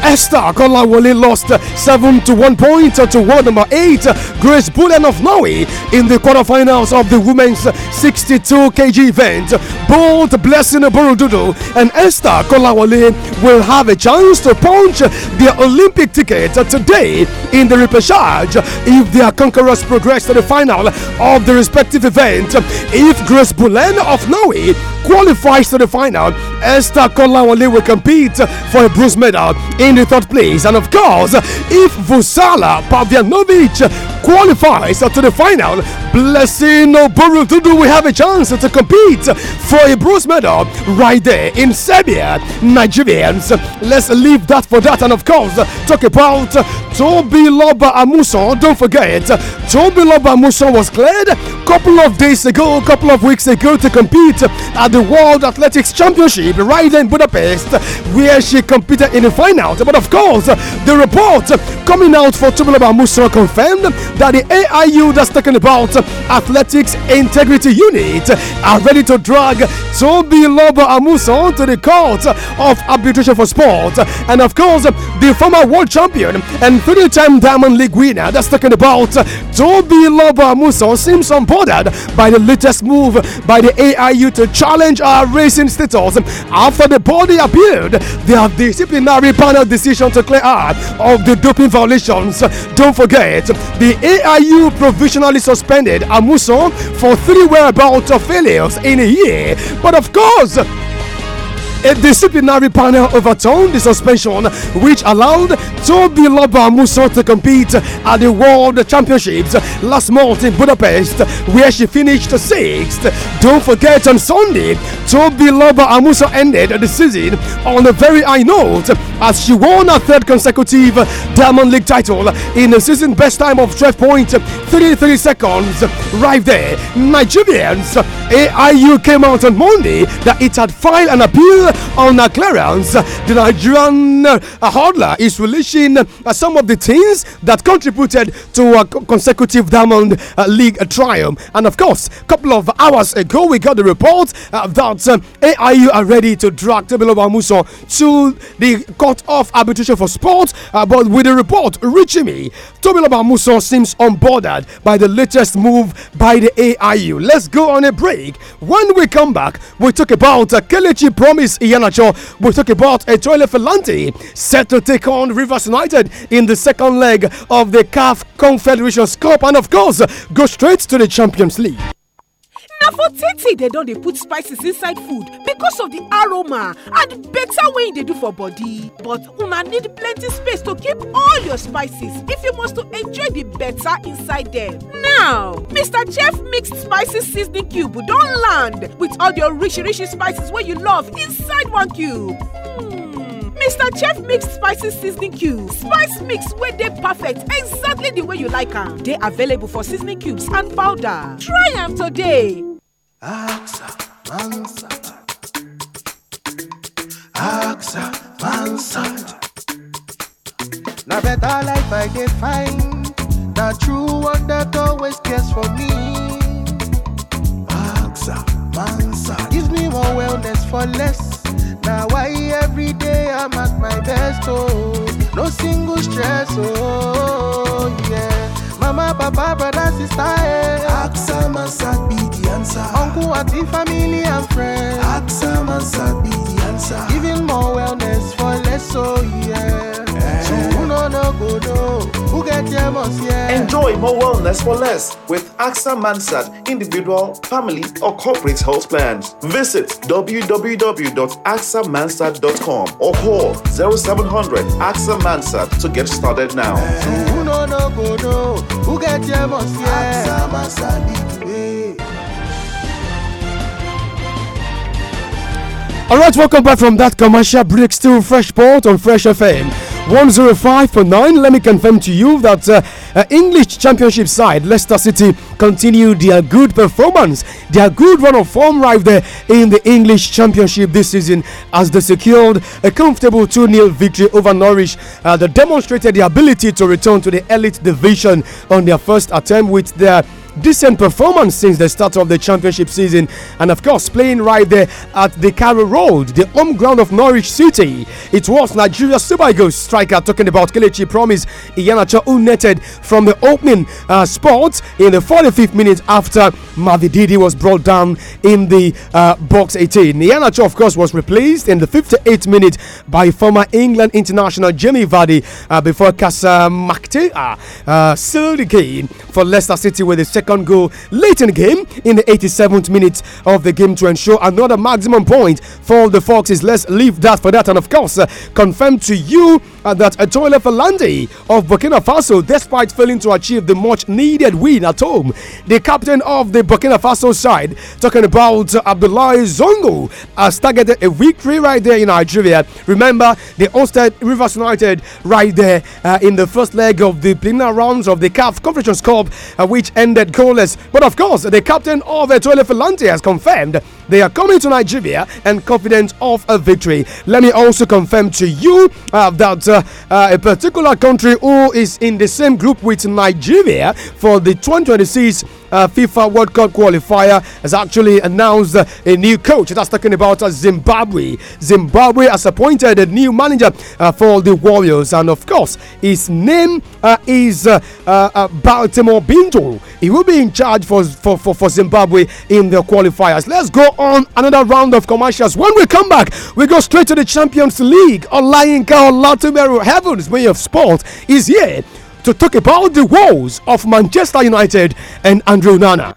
Esther Kolawole lost 7 to 1 point to world number 8 Grace Bullen of Norway in the quarterfinals of the women's 62 kg event. Both Blessing Borodudu and Esther Kolawole will have a chance to punch their Olympic ticket today in the repechage if their conquerors progress to the final of the respective event. If Grace Bullen of Norway qualifies to the final, Esther Kolawole will compete for a bronze medal in in the third place. And of course, if Vusala Pavjanovic qualifies to the final, blessing Burutudu will have a chance to compete for a bronze medal right there in Serbia. Nigerians, let's leave that for that. And of course, talk about Toby Loba Amuson. Don't forget, Toby Loba Amuson was cleared a couple of days ago, a couple of weeks ago to compete at the World Athletics Championship right there in Budapest, where she competed in the final but of course, the report coming out for Tumulaba Musra confirmed that the AIU that's talking about Athletics Integrity Unit are ready to drag Toby Loba Amusa to the court of arbitration for sport. And of course, the former world champion and three time Diamond League winner that's talking about Toby Loba Amusa seems unbothered by the latest move by the AIU to challenge our racing status after the body appeared their disciplinary panel final decision to clear out of the doping violations. Don't forget, the AIU provisionally suspended Amuso for three whereabouts of failures in a year. But of course, a disciplinary panel overturned the suspension, which allowed Toby Loba Musso to compete at the World Championships last month in Budapest, where she finished sixth. Don't forget on Sunday, Toby Loba Amuso ended the season on a very high note as she won her third consecutive Diamond League title in a season best time of 12.33 seconds. Right there, Nigerians, AIU came out on Monday that it had filed an appeal on a clearance. The Nigerian hurdler uh, is releasing uh, some of the teams that contributed to a consecutive Diamond uh, League triumph. And of course, a couple of hours ago, we got the report that AIU are ready to drag Tebelo Bamuso to the Court of Arbitration for Sport. but with the report reaching me, Tebelo Bamuso seems unbothered by the latest move by the AIU. Let's go on a break. When we come back, we talk about a Kelechi Promise we're a Butokibat Etoile Felanti set to take on Rivers United in the second leg of the CAF Confederations Cup and of course go straight to the Champions League. na for tete dem don dey put spices inside food because of the aroma and better wey e dey do for body but una need plenty space to keep all your spices if you must to enjoy the better inside dem now mr chef mixed spices seasoning cube don land with all your rich rich spices wey you love inside one cube mr hmm. chef mix spices seasoning cube spice mix wey dey perfect exactly the way you like am dey available for seasoning cubes and powder try am today Aksa Mansa, Aksa Mansa. Now better life I get find. The true one that always cares for me. Aksa Mansa Gives me more wellness for less. Now why every day I'm at my best, oh. No single stress, oh, yeah mama, papa, brother, sister. Eh. Aksam and Sad be the answer. Uncle, auntie, family, and friends. Aksam and Sad be the answer. Giving more wellness for less, so yeah. Eh. Enjoy more wellness for less with AXA Mansard individual, family, or corporate health plans. Visit www.axamansard.com or call 0700 AXA Mansard to get started now. All right, welcome back from that commercial break. Still fresh port on Fresh FM. 105 for 9. Let me confirm to you that uh, uh, English Championship side Leicester City continue their good performance, their good run of form right there in the English Championship this season as they secured a comfortable 2 0 victory over Norwich. Uh, they demonstrated the ability to return to the elite division on their first attempt with their decent performance since the start of the championship season, and of course, playing right there at the Carrow Road, the home ground of Norwich City. It was Nigeria Super Eagles striker talking about Kelechi Promise Iheanacho who netted from the opening uh, spot in the 45th minute after Mavididi was brought down in the uh, box 18. Iheanacho, of course, was replaced in the 58th minute by former England international Jamie Vardy uh, before Casa Makte uh, sealed the game for Leicester City with a second second goal late in the game in the 87th minute of the game to ensure another maximum point for the Foxes. Let's leave that for that. And of course, uh, confirm to you uh, that Etoile Falandi of Burkina Faso, despite failing to achieve the much needed win at home, the captain of the Burkina Faso side, talking about uh, Abdullahi Zongo, has targeted a victory right there in Nigeria. Remember, they hosted Rivers United right there uh, in the first leg of the preliminary rounds of the CAF Confederation Cup, uh, which ended goalless. But of course, the captain of Etoile Falandi has confirmed they are coming to Nigeria and confident of a victory. Let me also confirm to you uh, that. Uh, uh, a particular country who is in the same group with Nigeria for the 2026 uh, FIFA World Cup qualifier has actually announced uh, a new coach. That's talking about uh, Zimbabwe. Zimbabwe has appointed a new manager uh, for the Warriors, and of course, his name uh, is uh, Baltimore Bindu. He will be in charge for, for, for, for, Zimbabwe in the qualifiers. Let's go on another round of commercials. When we come back, we go straight to the Champions League. Olayinka Olatunde Aguero, heaven's way of sport, is here to talk about the woes of Manchester United and Andrew Nana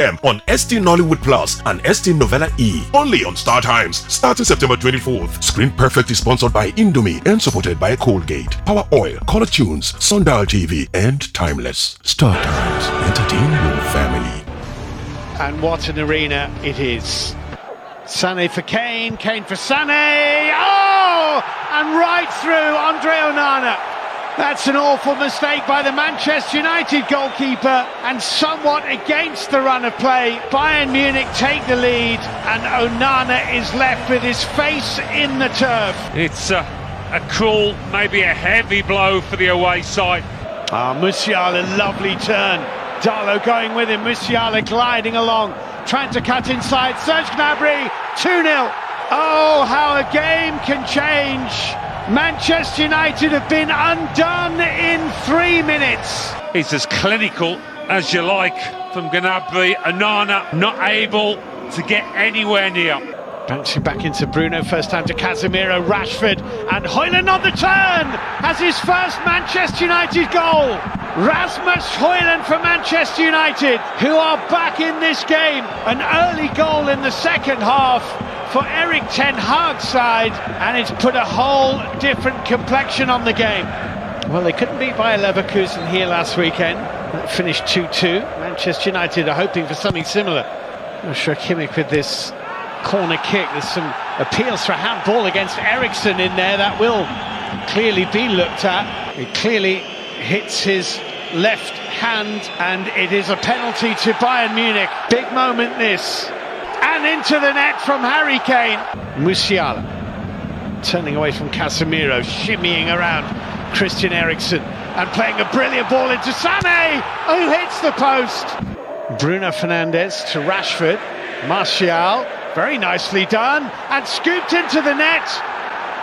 p.m. on ST Nollywood Plus and ST Novella E. Only on Star Times, starting September 24th. Screen Perfect is sponsored by Indomie and supported by Colgate, Power Oil, Color Tunes, Sundial TV, and Timeless. Star Times, entertain your family. And what an arena it is. Sane for Kane, Kane for Sane. Oh! And right through Andre Onana. That's an awful mistake by the Manchester United goalkeeper and somewhat against the run of play. Bayern Munich take the lead and Onana is left with his face in the turf. It's a, uh, a cruel, maybe a heavy blow for the away side. Ah, oh, Musiala, lovely turn. Darlow going with him, Musiala gliding along, trying to cut inside. Serge Gnabry, 2-0. Oh, how a game can change. Manchester United have been undone in three minutes. It's as clinical as you like from Gnabry. Anana not able to get anywhere near. Bouncing back into Bruno, first time to Casemiro, Rashford, and Hoyland on the turn has his first Manchester United goal. Rasmus Hoyland for Manchester United, who are back in this game. An early goal in the second half for Eric Ten Hag's side, and it's put a whole different complexion on the game. Well, they couldn't beat Bayer Leverkusen here last weekend. That finished 2-2. Manchester United are hoping for something similar. Shakimic with this corner kick. There's some appeals for a handball against Ericsson in there. That will clearly be looked at. It clearly hits his left hand, and it is a penalty to Bayern Munich. Big moment this and into the net from Harry Kane. Musiala turning away from Casemiro, shimmying around Christian Eriksen and playing a brilliant ball into Sane, who hits the post. Bruno Fernandez to Rashford, Martial, very nicely done, and scooped into the net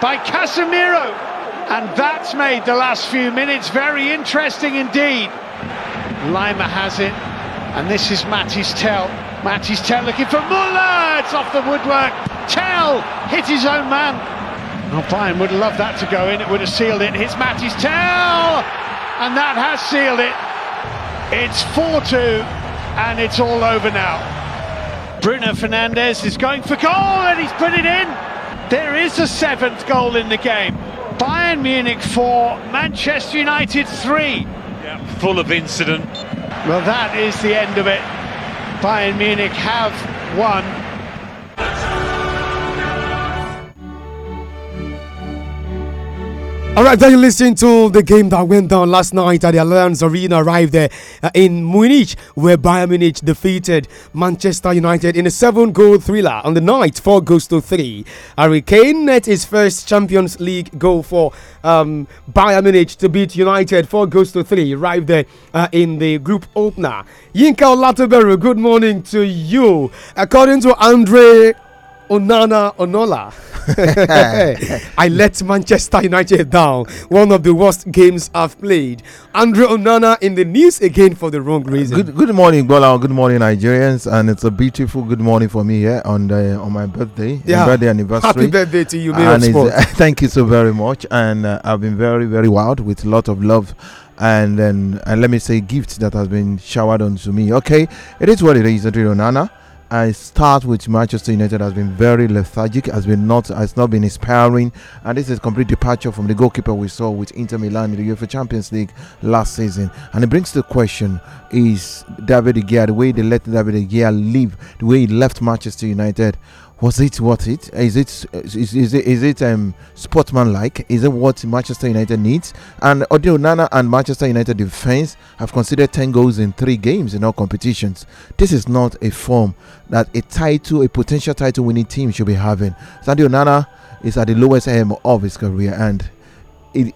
by Casemiro. And that's made the last few minutes very interesting indeed. Lima has it, and this is Mattis Tell. Matches Tell looking for Muller. It's off the woodwork. Tell hit his own man. Oh, Alpine would love that to go in. It would have sealed it. Hits Matches Tell. And that has sealed it. It's 4-2 and it's all over now. Bruno Fernandez is going for goal and he's put it in. There is a seventh goal in the game. Bayern Munich 4, Manchester United 3. Yeah, full of incident. Well, that is the end of it. Bayern Munich have won All right, then you listen to the game that went down last night at the Allianz Arena arrived there uh, in Munich, where Bayern Munich defeated Manchester United in a seven goal thriller on the night, four goals to three. Harry Kane net his first Champions League goal for um, Bayern Munich to beat United, four goals to three, arrived there uh, in the group opener. Yinka Olatoberu, good morning to you. According to Andre Onana Onola. I let Manchester United down. One of the worst games I've played. Andre Onana in the news again for the wrong reason. Good, good morning, Bola. Good morning, Nigerians. And it's a beautiful good morning for me here on the, on my birthday, yeah. birthday anniversary. Happy birthday to you, and uh, Thank you so very much. And uh, I've been very, very wild with a lot of love and then and let me say gifts that has been showered onto me. Okay, it is what it is, Andre Onana. I start with Manchester United has been very lethargic, has been not has not been inspiring, and this is complete departure from the goalkeeper we saw with Inter Milan in the UEFA Champions League last season. And it brings the question: Is David De Gea the way they let David De Gea leave, the way he left Manchester United? was it worth it? Is it is, is it is it um sportsman like? Is it what Manchester United needs? And Odio Nana and Manchester United defense have considered ten goals in three games in all competitions. This is not a form that a title, a potential title winning team should be having. Sadio Nana is at the lowest ebb of his career and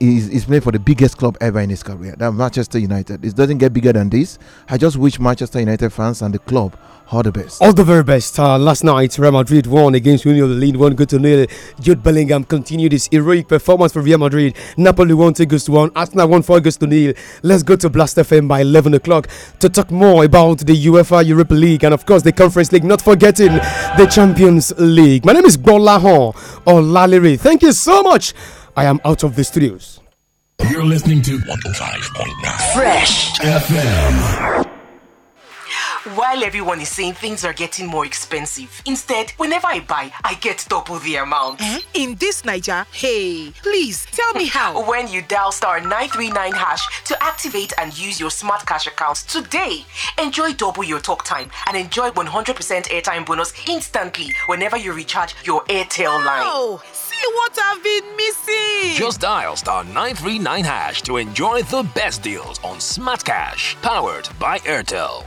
he's, he's for the biggest club ever in his career, that Manchester United. It doesn't get bigger than this. I just wish Manchester United fans and the club all the best. All the very best. Uh, last night, Real Madrid won against Union Berlin, one good to nil. Jude Bellingham continued his heroic performance for Real Madrid. Napoli won two to one. Arsenal won four goals to nil. Let's go to Blast FM by 11 o'clock to talk more about the UEFA Europa League and, of course, the Conference League. Not forgetting the Champions League. My name is Bolahon Laliri. Thank you so much I am out of the studios. You're listening to 105.9 Fresh FM. While everyone is saying things are getting more expensive, instead, whenever I buy, I get double the amount. Eh? In this Niger, hey, please tell me how. when you dial star 939 hash to activate and use your smart cash account today, enjoy double your talk time and enjoy 100% airtime bonus instantly whenever you recharge your Airtel line. Oh, what I've been missing. Just dial star 939 hash to enjoy the best deals on Smart Cash, powered by Airtel.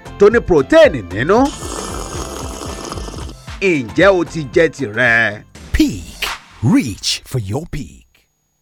tó ní protein nínú. ǹjẹ́ o ti jẹ tirẹ̀? Peak reach for your peak.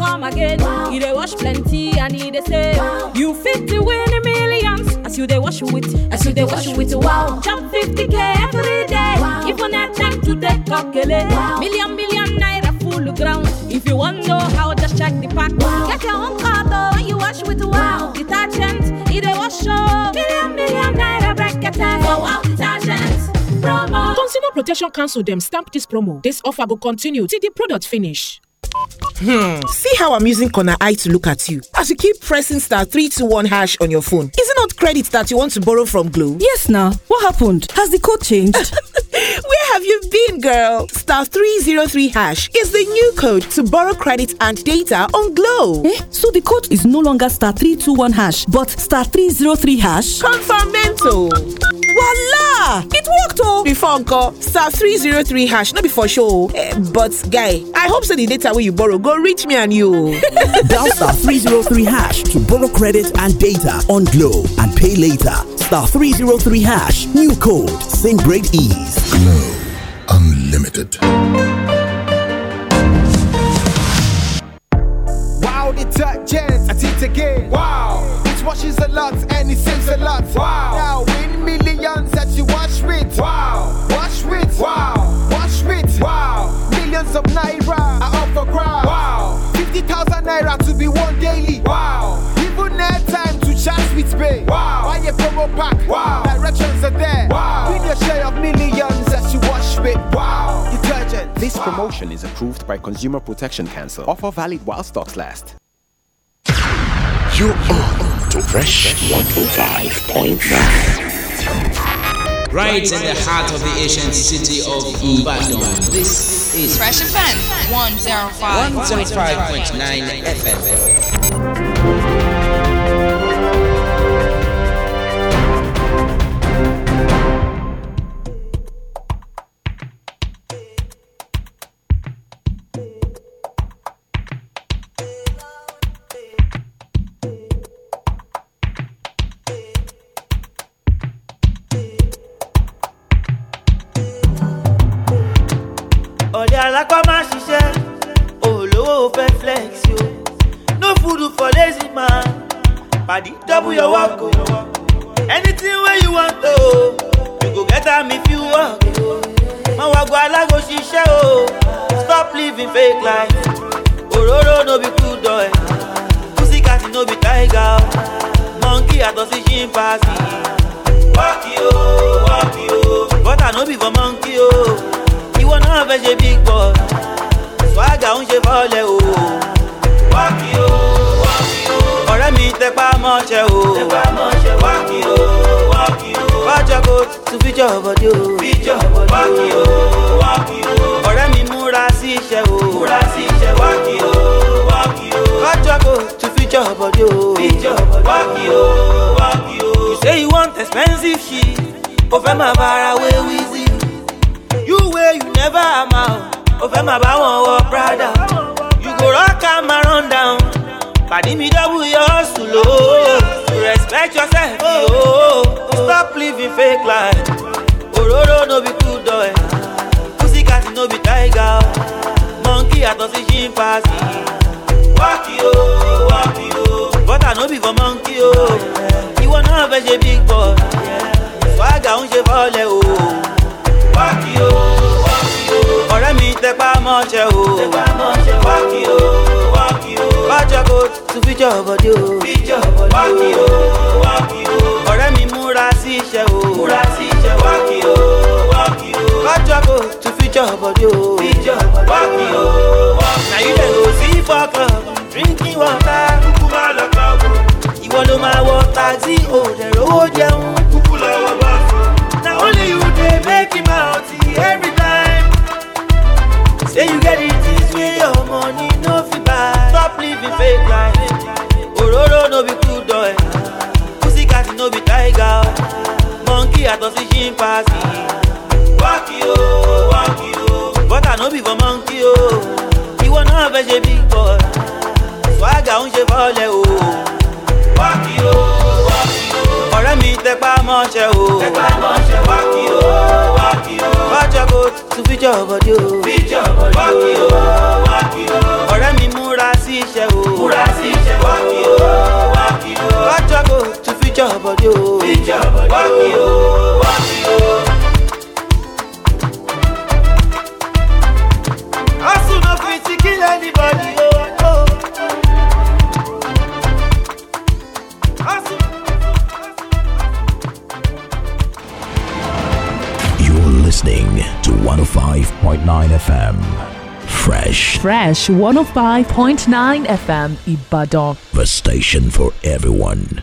come again. Wow. You they wash plenty and you they say wow. you fit to win a millions. As you they wash with, as, as you they wash with, wow. Jump 50k every day. If on that time to take calculate wow. million million naira full ground. If you want know how, just check the pack. Wow. Get your own car though you wash with wow, detergent. You they wash oh million million naira bracket eh. for wow detergent. Promo. Consumer Protection Council them stamp this promo. This offer will continue till the product finish. Hmm. See how I'm using corner eye to look at you as you keep pressing star 321 hash on your phone. Is it not credit that you want to borrow from Glow? Yes, now. What happened? Has the code changed? Where have you been, girl? Star 303 hash is the new code to borrow credit and data on Glow. Eh? So the code is no longer star 321 hash, but star 303 hash? mental. Voila! It worked oh! Before Uncle, star 303 hash, not before show. Uh, but guy, I hope so the data where you borrow go reach me and you. Oh. Dial star 303 hash to borrow credit and data on Glow and pay later. Star 303 hash, new code, same great ease. Glow Unlimited. Wow, the I see it again. Wow. She's a lot and it seems a lot. Wow. Now millions that you with. Wow. with. Wow. with. Wow. Millions of naira are up for grabs. Wow. 50,000 naira to be won daily. Wow. Even had time to chat with Wow. Buy a promo pack. Wow. Directions are there. Wow. your share of millions you wash with. Wow. Detergent. This wow. promotion is approved by Consumer Protection Council. Offer valid while stocks last. You are to Fresh 105.9. Right in the heart of the ancient city of Ibadan, this is Fresh Offense 105.9 FM. fake life. Ororo no be cool eh. Pussy cat no be tiger. Oh. Monkey at us chimpanzee. Walk yo, oh, walk yo. But I oh. no be for monkey yo. Ìwọ náà fẹ́ ṣe big boy. Swagger ń ṣe fọ́lẹ̀ o. Walk yo, walk yo. Ọ̀rẹ́ mi tẹpá mọ́ṣẹ́ o. Tẹpá mọ́ṣẹ́ o. Walk yo bájọ kò tún fíjọ bọdí o. fíjọ bọdí o. wákì o wákì o. ọ̀rẹ́ mi sí iṣẹ́ o. múra sí iṣẹ́ wákì o wákì o. kọ́jọ́ bò to feature body o. feature wákì o wákì o. na you dey go see for club drinking water. kúkú má lọ pa o. ìwọ ló máa wọ taxi o dẹ̀ rówó jẹun. kúkú lọ wọ bọ́ọ̀sì. na only you dey make him out every time. say you get it this way your money no fit buy. stop living fake life. òróró no be cool dog tiger o monkey yàtọ̀ sí chimpanzee. wọ́ọ̀kì o wọ́ọ̀kì o bọ́tà no be for monkey o ìwọ náà fẹ́ ṣe big boy swagger ń ṣe fọ́lẹ̀ o. wọ́ọ̀kì o wọ́ọ̀kì o ọ̀rẹ́ mi tẹpá mọ́ṣẹ́ o. tẹpá mọ́ṣẹ́ wọ́ọ̀kì o wọ́ọ̀kì o wọ́ọ̀jọ́ kò tún fíjọ́ bọ̀dí o. fíjọ́ bọ̀dí o wọ́ọ̀kì o ọ̀rẹ́ mi múra sí iṣẹ́ o. múra sí iṣẹ́ wọ́ọ̀kì o wọ́ọ̀kì o wọ́ọ̀jọ́ kò tún You're listening to 105.9 FM. Fresh. Fresh 105.9 FM Ibadan. The station for everyone.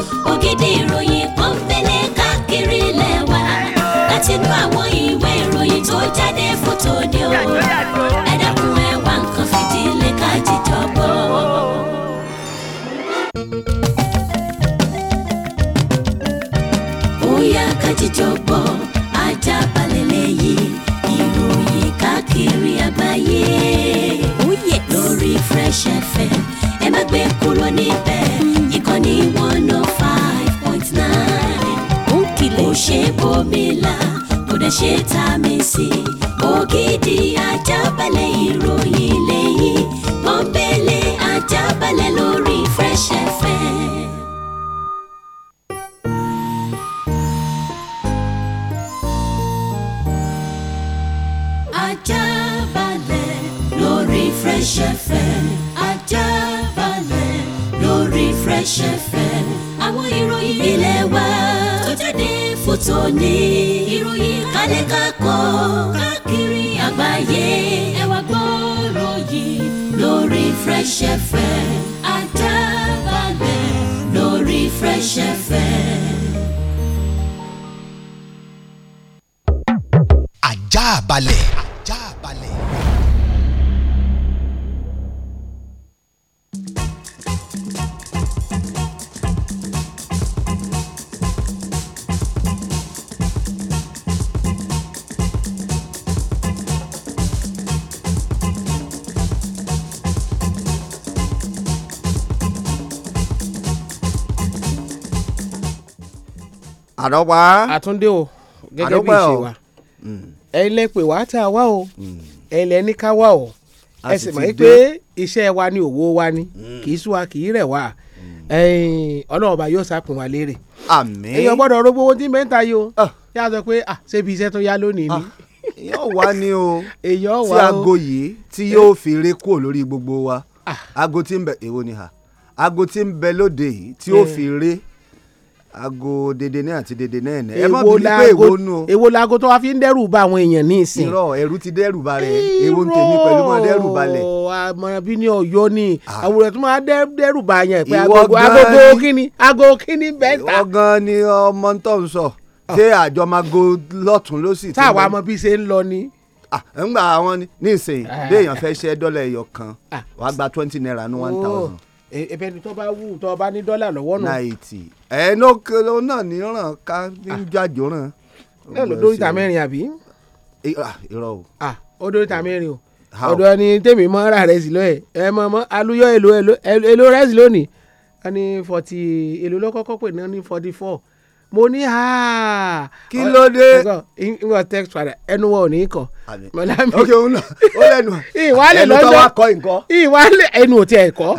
sínú àwọn ìwé ìròyìn tó jáde fótó ni o ẹ dákun wá nǹkan fìdílé ká jíjọ gbọ́. ó ká jíjọ gbọ́ ajá balẹ̀ lẹ́yìn. ṣe tá a mi sí ògidì ajábalẹ̀ ìròyìn lẹ́yìn pọ́npẹ́lẹ́ ajábalẹ̀ lórí Fresh FM. Ajábalẹ̀ lórí Fresh FM ajábalẹ̀ lórí Fresh FM àwọn ìròyìn ilé wa tó jáde fún tòní Coca-Cola. àrọ́ wa. àtúndé o gẹ́gẹ́ bí ìṣe wa hmm. wá tá a wá o hmm. ẹ̀yin lẹ ká wá o ẹ sì mọ̀ pé iṣẹ́ wa ni òwò wa ni hmm. kì í sú wa kì í rẹ̀ wá ọlọ́run ọba yóò sàkùn wa léèrè. àmín èèyàn gbọ́dọ̀ rogbo owó tí ń yìí o yá ah. sọ pé ah, ṣébi iṣẹ́ tó yá lónìí ni. Ah, èèyàn wá ni o tí aago yìí tí yóò eh. fi ré kúrò lórí gbogbo wa aago ti ń bẹ èwo ni ha aago ti ń bẹ lóde yìí tí yóò eh. fi ré aago dèdè náà àti dèdè náà nẹ. èwo laago èwo laago tó wá fi ń dẹ́rù ba àwọn èèyàn ní ìsìn. irọ́ ẹ̀rù ti dẹ́rù ba rẹ̀ èwo ń tèmi pẹ̀lú mọ́ dẹ́rù ba lẹ̀. àmọ̀ràn bí ní ọ̀yọ́ ni ah. àwòrán tó máa dẹ́rù ba yẹn pé agogo kíni agogo kíni bẹ́ẹ̀ ta. ìwọ gan ni ọmọ tó ń sọ ah. ṣé àjọ máa go lọ́tún lọ́sì. táwa mọ bí ṣe ń lọ ni ngbà ah, àwọn nísìnyí bí èèyàn fẹ́ ṣe dọ́là twenty naira ní one thousand oh ebe ni tó bá wù tó bá ní dọ́là lọ́wọ́ nù. náìtì ẹ ní òkèlè náà ní ràn ká ní ah. jájò ràn. bẹ́ẹ̀ ló dórí ta mẹ́rin àbí. E, irọ́ o. Ah, ó dórí ta mẹ́rin o ọ̀dọ̀ ni tèmi mọ́ ara rẹ̀ sí lọ́ẹ̀ ẹ mọ̀ mọ́ alúyọ̀ èlò èlò rẹ̀ sí lónìí. a forty èlò lọ́kọ́kọ́ pè náà ní forty four mo ní ha. kí ló dé. ìwọ text padà ẹnu wọn ò ní kọ. ok òun náà ó lẹnu ìwálè lọ́jọ́ ẹnu tó wá kọ́ nǹkan. ìwálè ẹnu ò tiẹ̀ kọ́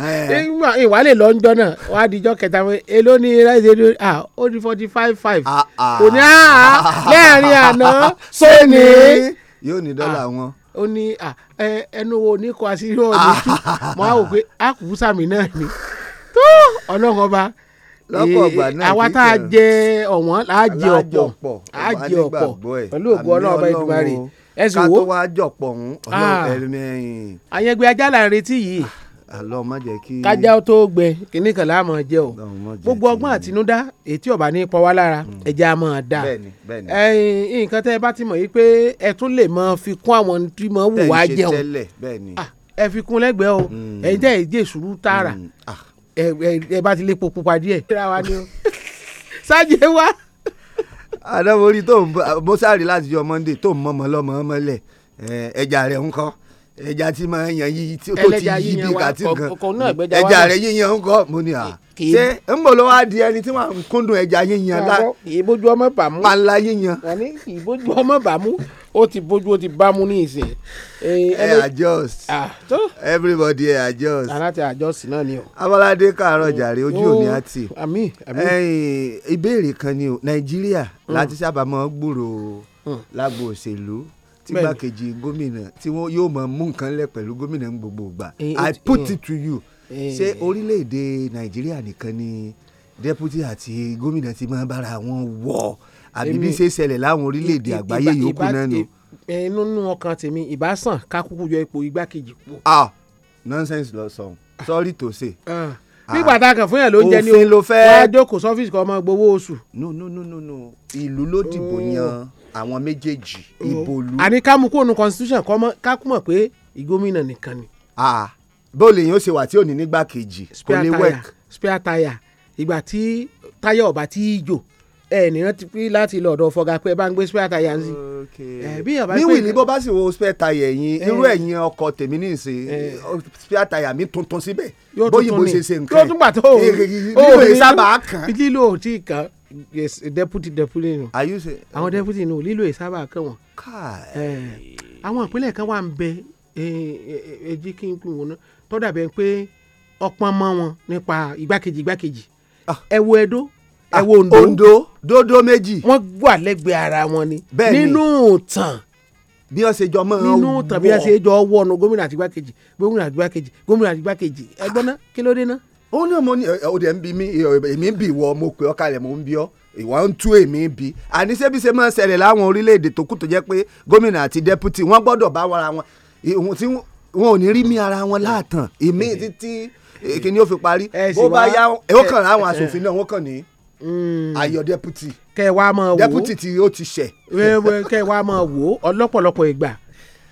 ìwálè lọ́jọ́ náà wà á dijọ́ kẹta èló ni rice èló ah ó di forty five five ah, ah. kò ní àá ah, lẹ́ẹ̀rin àná sóni. yóò ní dọ́là wọn ó ní ẹnu wo ní kó asírí ọ̀nì tú mọ́ àwò pé àkùkù sàmì náà ni tó ọlọ́run ọba lọ́pọ̀ ọgbà eh, náà àwa tá a jẹ ọ̀wọ́n là á jẹ ọ̀pọ̀ à á jẹ ọ̀pọ̀ pẹ̀lú ògo ọlọ́run bá ìdúrà rè ẹ sì wò. ká tó wá jọ̀pọ̀ ń ọlọ́run ah. ẹ̀rín. àyẹ̀gbẹ́ ajá là ń retí yìí. Ah, àlọ́ má jẹ́ kí. kájá ó tó gbẹ kínní kan láà mọ̀ jẹ́ o gbogbo ọgbọ́n àtinúdá ètí ọ̀bà ní pọ̀ wá lára ẹja mọ̀ dá. nǹkan tẹ́ ẹ bá ti mọ̀ yìí pé ẹ tún lè mọ fi kún àwọn tí mọ̀ wù wá jẹun ah, ẹ fi kún lẹ́gbẹ̀ẹ́ o hmm. ẹ̀yin tẹ́ ẹ jẹ́ tààrà hmm ẹ ẹ bá ti lè po pupa díẹ̀. sáàjì wa. àdàmórí tó ń mọ́sáàrí láti jọ monday tó ń mọ́mọ́ lọ́mọ́ mọ́lẹ̀ ẹja rẹ̀ ń kọ́ ẹja tí máa ń yan yí tó ti yí bí kàtí gan ẹja rẹ̀ yíyan ń kọ́ mo ní à ṣé ń bọ̀ lọ́wọ́ á di ẹni tí wọ́n ń kúndùn ẹja yíyan lá. ìbójú ọmọ bàmú. pàǹlà yíyan. àní ìbójú ọmọ bàmú ó ti bójú ó ti bámú ní ìsìn. ẹ eh, adjust everybody ẹ adjust. aláti adjust náà ni o. abọ́ládé káàárọ̀ jàre ojú òní àti. àmín àmín. ìbéèrè kan ni o nàìjíríà mm. láti sábà máa gbòòrò mm. lágbo òṣèlú tígbàkejì gómìnà tí wọn yóò máa mú nǹkan lẹ pẹ̀lú gómìnà gbogbo ìgbà eh, i put eh. it to you Eh. ṣé orílẹ̀-èdè nàìjíríà nìkan ni dẹ́pútì àti gómìnà ti máa bára wọn wọ̀ àbí bí ṣe ṣẹlẹ̀ láwọn orílẹ̀-èdè àgbáyé yòókù náà nù. nínú ọkàn tèmi ìbásàn kákúkú yọ ipò igbákejì pò. ah nonsense lọ sọ sorry to say. nígbà ah. tá a kàn fún yàn ló ń jẹ ní o wá jókòó sọ́fíìsì kan ọmọ gbowó oṣù. no no no no no ìlú ló dìbò oh. yan àwọn méjèèjì oh. ìbò lu. àní ká mú kó nu constitution kọ́ mọ́ ká mọ̀ pé ìgómìnà nìkan ni. ah bó lè yín ó ṣe wà tí ò ní nígbà kejì kò lè work. spare tire ìgbà tí táyà ọba tí í jò ẹ nìyẹn ti pín láti lọ ọ̀dọ̀ fọgá pé ẹ bá ń gbé spare tire sí. ní wìlí bó bá sì wo spare tire yín irú ẹ̀yin ọkọ̀ tèmi ní ìsìn spare tire mi tuntun síbẹ̀ bóyìnbó ṣe ṣe nǹkan yóò tún gbà tó o ò ní sábà kàn. lílo ò tí ì kàn yes deputy deputy nù. are you say. àwọn deputy nù lílo ìsábà kàn wọ́n. káà. àwọn ìpínlẹ̀ kan wà ń bẹ ẹjí kí n kún wọn náà tó dàbẹ̀ pé ọpọn mọ́ wọn nípa ìgbákejì ìgbákejì ah. ẹ wo Ẹdó ẹ ah, wo Ondo Ondo dodo méjì. wọ́n wà lẹ́gbẹ̀ẹ́ ara wọn ni nínú ìtàn bí wọ́n ṣe jọ mọ́ ọ wọ́ nínú ìtàn bí wọ́n ṣe jọ wọ́ ọ̀nà gómìnà àti ìgbákejì gómìnà àti ìgbákejì gómìnà àti ìgbákejì ẹgbọ́n náà kí ló dé náà ó ní mo ní ọdẹ ń bi mí èmi ń bi ìwọ mo pè ọ́ kalẹ̀ mo ń bi ọ́ ìwọ ń tú èmi ń bi àní ṣé bí ṣe máa ń ṣẹlẹ̀ láwọn orílẹ̀-èdè tó kù tó jẹ́ pé gómìnà àti dẹ́pútì wọ́n gbọ́dọ̀ bá wara wọn wọn ò ní rí mi ara wọn láàtàn èmi títí eh, kìíní ó fi parí bó bá yá ó kàn láwọn asòfin náà wọ́n kàn ní hmm. ayọ̀ deputy kẹwàá máa wò deputy tí ó ti ṣẹ̀. kẹwàá máa wò ọlọ́pọ̀lọpọ̀ ìgbà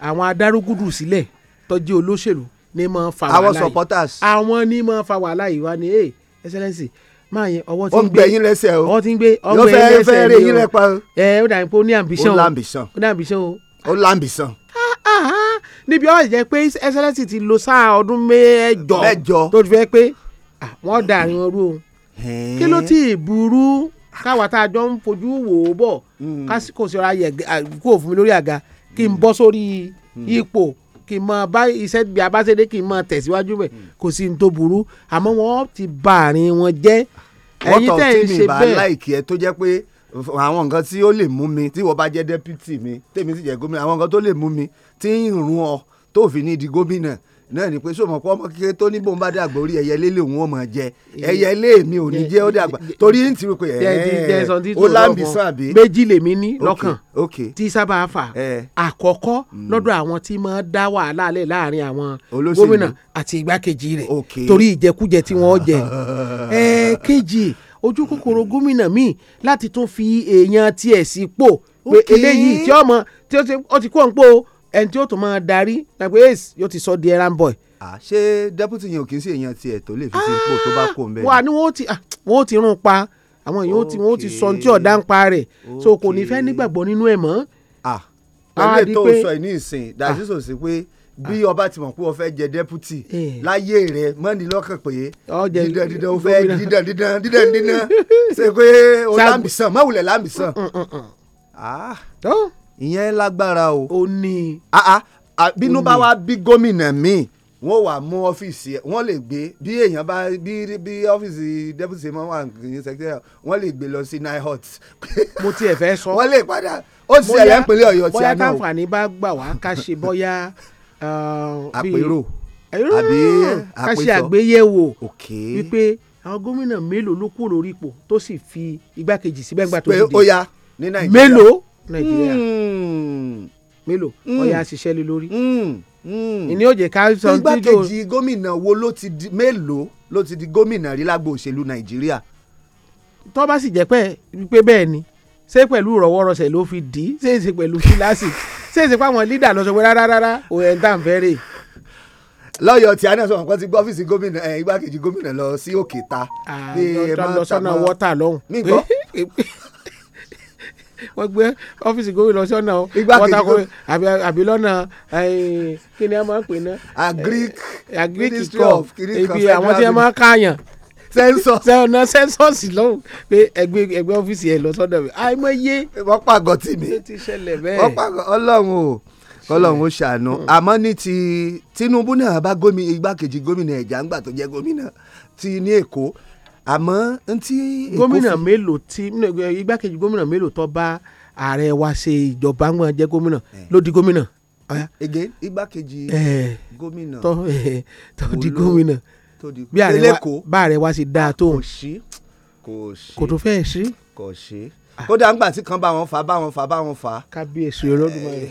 àwọn adárúgúdù sílẹ̀ tọ́jú olóṣèlú ni mo fa wàhálà yìí àwọn supporters àwọn ni mo fa wàhálà yìí wá ní ẹ excellency máa yẹn ọwọ́ tí ń gbé ọgbẹ̀yìn lẹ́sẹ̀ o ọwọ́ tí ń gbé ọgbẹ̀yìn lẹ́sẹ̀ ni o yóò fẹ́ rẹ̀ yín lẹ́pa o. ẹ ó dà pé ambition o ó ní ambition o ó ní ambition o ó ní ambition níbi ọ̀ jẹ́ pé ẹsẹ̀lẹ́sì ti lo sáà ọdún mẹ́jọ tó ti fẹ́ pé wọ́n dà àrin ọrú o kí ló ti burú káwa tá a jọ ń fojú wò ó bọ̀ hmm. kásìkò sí ọ̀rá kó o fún mi lórí àga kí n bọ́ sórí hmm. ipò kí n mọ bá iṣẹ́ bí abáṣẹ́dé kí n mọ tẹ̀síwájú bẹ̀ hmm. kò sí n tó burú àmọ́ wọ́n ti bà àrin wọn jẹ́ ẹ̀yin tẹ̀ ń ṣe bẹ́ẹ̀. wọ́n tọ̀ tí mi bá láìkí ẹ tó jẹ́ pé àwọn nǹkan tí ó lè mú mi tí wọ́n bá jẹ́ dẹ́pítì mi tèmi sì jẹ́ gómìnà àwọn nǹkan tó lè mú mi tí ń rún ọ tó fi ní di gómìnà náà ni pé sọmọ pé ọmọ kékeré tó ní bóun bá dàgbà orí ẹyẹlé lòun ò mọ̀ jẹ ẹyẹlé mi ò ní jẹ ó dàgbà torí ń tiri pé ẹ ó láǹbìsàn àbí. méjì lèmi ní lọ́kàn tí sábà fà àkọ́kọ́ hmm. lọ́dọ̀ àwọn tí máa dá wàhálà alẹ́ láàrin àwọn gómìnà àti igbákejì rẹ̀ torí ìjẹkújẹ tí wọ́n jẹ ẹ kejì ojú kòkòrò gómìnà míì láti tún fi èèyàn tiẹ̀ sípò pé eléyìí tí ọmọ tí ó ti kó ń pò ẹni tí yóò tún máa darí nàpẹ́ ace yóò ti sọ di errand boy. ṣé deputy yẹn ò kì í sí èèyàn tiẹ̀ tó lè fi sí ipò tó bá ah, kó ń bẹ́ẹ̀. wà á ní ah, wọ́n ó ti rún pa àwọn èèyàn tí wọ́n ti sọ tí ọ̀dà ń pa rẹ̀ so kò ní fẹ́ nígbàgbọ́ nínú ẹ̀ mọ́. pẹ̀lú ètò sọ ẹ̀ ní ìsìn dàsísò sí pé ah. bí ọba ti mọ̀ pé o fẹ́ jẹ dẹ́pútì eh. láyé rẹ mọ́ni lọ́kàn pé dídán dídán o fẹ́ dídán dídán dídán dídán ṣe pé o lámìsàn mọ́wùlẹ̀ lámìsàn. Mm, mm, mm ìyẹn lágbára o. ó ní. Ah, ah, ah, bínú bá wá bí gómìnà míì wọ́n wà mú ọ́fíìsì ẹ̀ lè gbé bí èèyàn bá bí bí ọ́fíìsì deputy mọ́ wà ní secretary wọ́n lè gbé lọ sí nine hot. mo tiẹ̀ fẹ́ sọ. wọ́n lè padà ó sì ẹ̀rẹ́ ń ọ̀yọ́ tí a náà. bóyá káfàní bá gbà wá ká ṣe bóyá. Uh, àpérò àbí àpéjọ ká ṣe àgbéyẹ̀wò wípé àwọn gómìnà mélòó ló kúrò lórí ipò tó sì fi igbákejì síbẹ̀ gbà tó dìde. pé ó yá ní nàìjíríà mélòó nàìjíríà hmm. mélòó hmm. ọ̀yà ṣiṣẹ́ lé lórí. Hmm. ìní òjè ká sọ tí jò. igbákejì gómìnà wo ló ti di mélòó ló ti di gómìnà rí lágbo òṣèlú nàìjíríà. tó bá sì jẹ́ pé pé bẹ́ẹ̀ ni ṣé pẹ̀lú rọwọ́rọsẹ̀ ló fi dì í ṣé èsì pẹ̀lú kíláàsì ṣé èsì pàwọn lídà lọ sọ pé rárá rárá òun ẹ̀ ń tà ń fẹ́ rè lọ́yọ̀ tí a náà sọ̀rọ̀ kan ti gbọ́ ọ́fíìsì gómìnà ẹ̀ igbákejì gómìnà lọ sí òkè ta. àà lọ sọ́nà wọ́tà lọ́hùn. mi gbọ́ wọ́n gbé ọ́fíìsì gómìnà lọ sí ọ̀nà wọ́tàkùn àbí lọ́nà kí ni a máa ń pè ná. agric agric corp ibi àwọn tí a máa káàyàn sẹ́ńsọ̀ sẹ́ńnà sẹ́ńsọ̀sì lọ́hùn pé ẹgbẹ́ ẹgbẹ́ ọ́fíìsì ẹ̀ lọ sọ́dọ̀ mi àìmọye. wọ́n pàgọ́ tì mí wọ́n pàgọ́ ọlọ́run o kọlọ́run ó ṣàánú mm. àmọ́ ní ti Tinubu náà bá gómìnà igbákejì gómìnà ẹ̀jà ńgbà tó jẹ́ gómìnà ti ní Èkó àmọ́ ntí. gómìnà mélòó tí igbákejì gómìnà mélòó tó bá ààrẹ wa ṣe ìjọba ń jẹ gómìnà ló di gómìnà. ege igbákejì gómìnà tó di gómìnà bí ààrẹ wa ṣe dáa tó kò tó fẹ́ ṣe. kò ṣe ah. kódà ńgbà tí kan bá wọn fà bá wọn fà bá wọn fà. kábíyèsí olódùmarè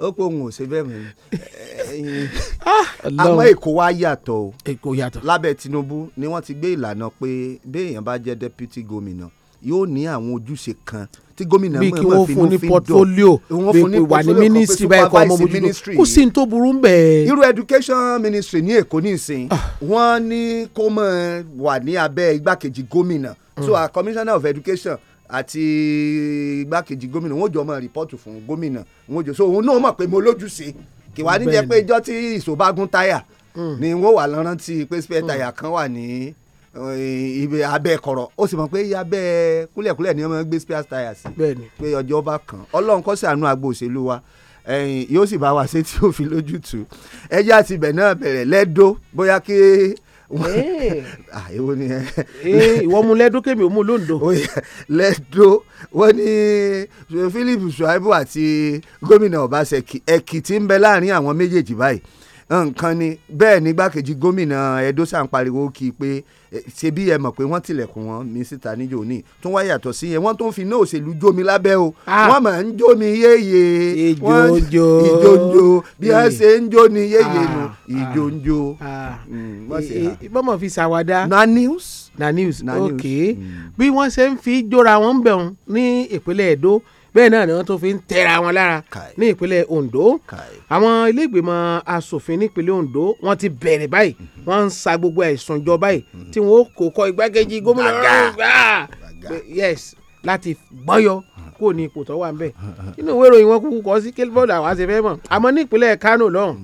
ó pé òun ò ṣe bẹ́ẹ̀ mọ́ ah, àmọ́ èkó wa yàtọ̀ o èkó yàtọ̀ lábẹ́ Tinubu ni wọ́n ti gbé ìlànà pé béèyàn bá jẹ́ deputy gómìnà yóò ní àwọn ojúṣe kan tí gómìnà mọ̀ mọ̀ fínú fi dùn bí kí wọ́n fún ní portfolio wà ní ministry báyìí kọ́ ọmọ mojú kò sí ní tó burú ń bẹ̀. irú education ministry ní èkó nísìn wọ́n ní kó mọ̀ wà ní abẹ́ igbákejì gómìnà so a mm. commissioner of education àti igbákejì gómìnà wọn ò jọ mọ rìpọ́ọ̀tù fún gómìnà wọn ò jọ so òun náà mọ̀ pé mo lójúṣe kì wá níjẹ́ pé ijọ́ tí ìṣó táyà hmm. ni wọn wà lọ́rántí pé spare hmm. táyà kan wà ní eh, ibi abẹ́ kọ̀rọ̀ ó sì mọ̀ pé abẹ́ kúlẹ̀kúlẹ̀ ni wọ́n máa ń gbé spare táyà sí pé ọjọ́ bá kàn ọlọ́run kó ṣàánú agbo òṣèlú wa yóò sì bá wa ṣe tí ó fi lójútùú ẹjẹ́ àtibẹ̀ náà bẹ̀rẹ̀ lẹ́dọ́ bóyá kí àìwò ah, ni ẹ. Eh, ìwọ mu lẹ́dọ́ kémi ò mu lóńdó. lẹ́dọ́ wọ́n ní Philip Shuaibu àti gómìnà Obaseki ẹ̀kìtì ń bẹ láàrin àwọn méjèèjì báyìí nǹkan ni bẹ́ẹ̀ ni igbákejì gómìnà Edo sàn pariwo kì í pé ṣe bí ẹ mọ̀ pé wọ́n tilẹ̀kùn wọn mi síta níjò ní tún wá yàtọ̀ sí yẹn wọ́n tún fi náà òṣèlú jómi lábẹ́ o ah. wọ́n máa ń jómi yéye ìjòjò ìjòjò bí ah. ah. Mm, wọ́n ṣe ń jóni yéye nu ìjòjò. bọ́mọ̀ fi ṣàwádà. na news. na news na ok mm. bí wọ́n ṣe ń fi jóra wọn bẹ̀ ní ìpínlẹ̀ Edo bẹ́ẹ̀ náà ni wọ́n tún fi ń tẹra wọn lára ní ìpínlẹ̀ Ondo àwọn iléègbèmọ̀ asòfin nípínlẹ̀ Ondo wọ́n ti bẹ̀rẹ̀ báyìí mhm. wọ́n ń sa gbogbo ẹ̀sùn jọ báyìí mhm. tí wọ́n kò kọ igbákejì gómìnà yes láti gbọ́yọ̀ mhm. kò ní ipò tó wà ń bẹ̀ inú ìwé ìròyìn wọn kúkú kọ sí kílbọ̀dù àwọn àti fẹ́ mọ̀ àmọ́ ní ìpínlẹ̀ Kano lọ́hùn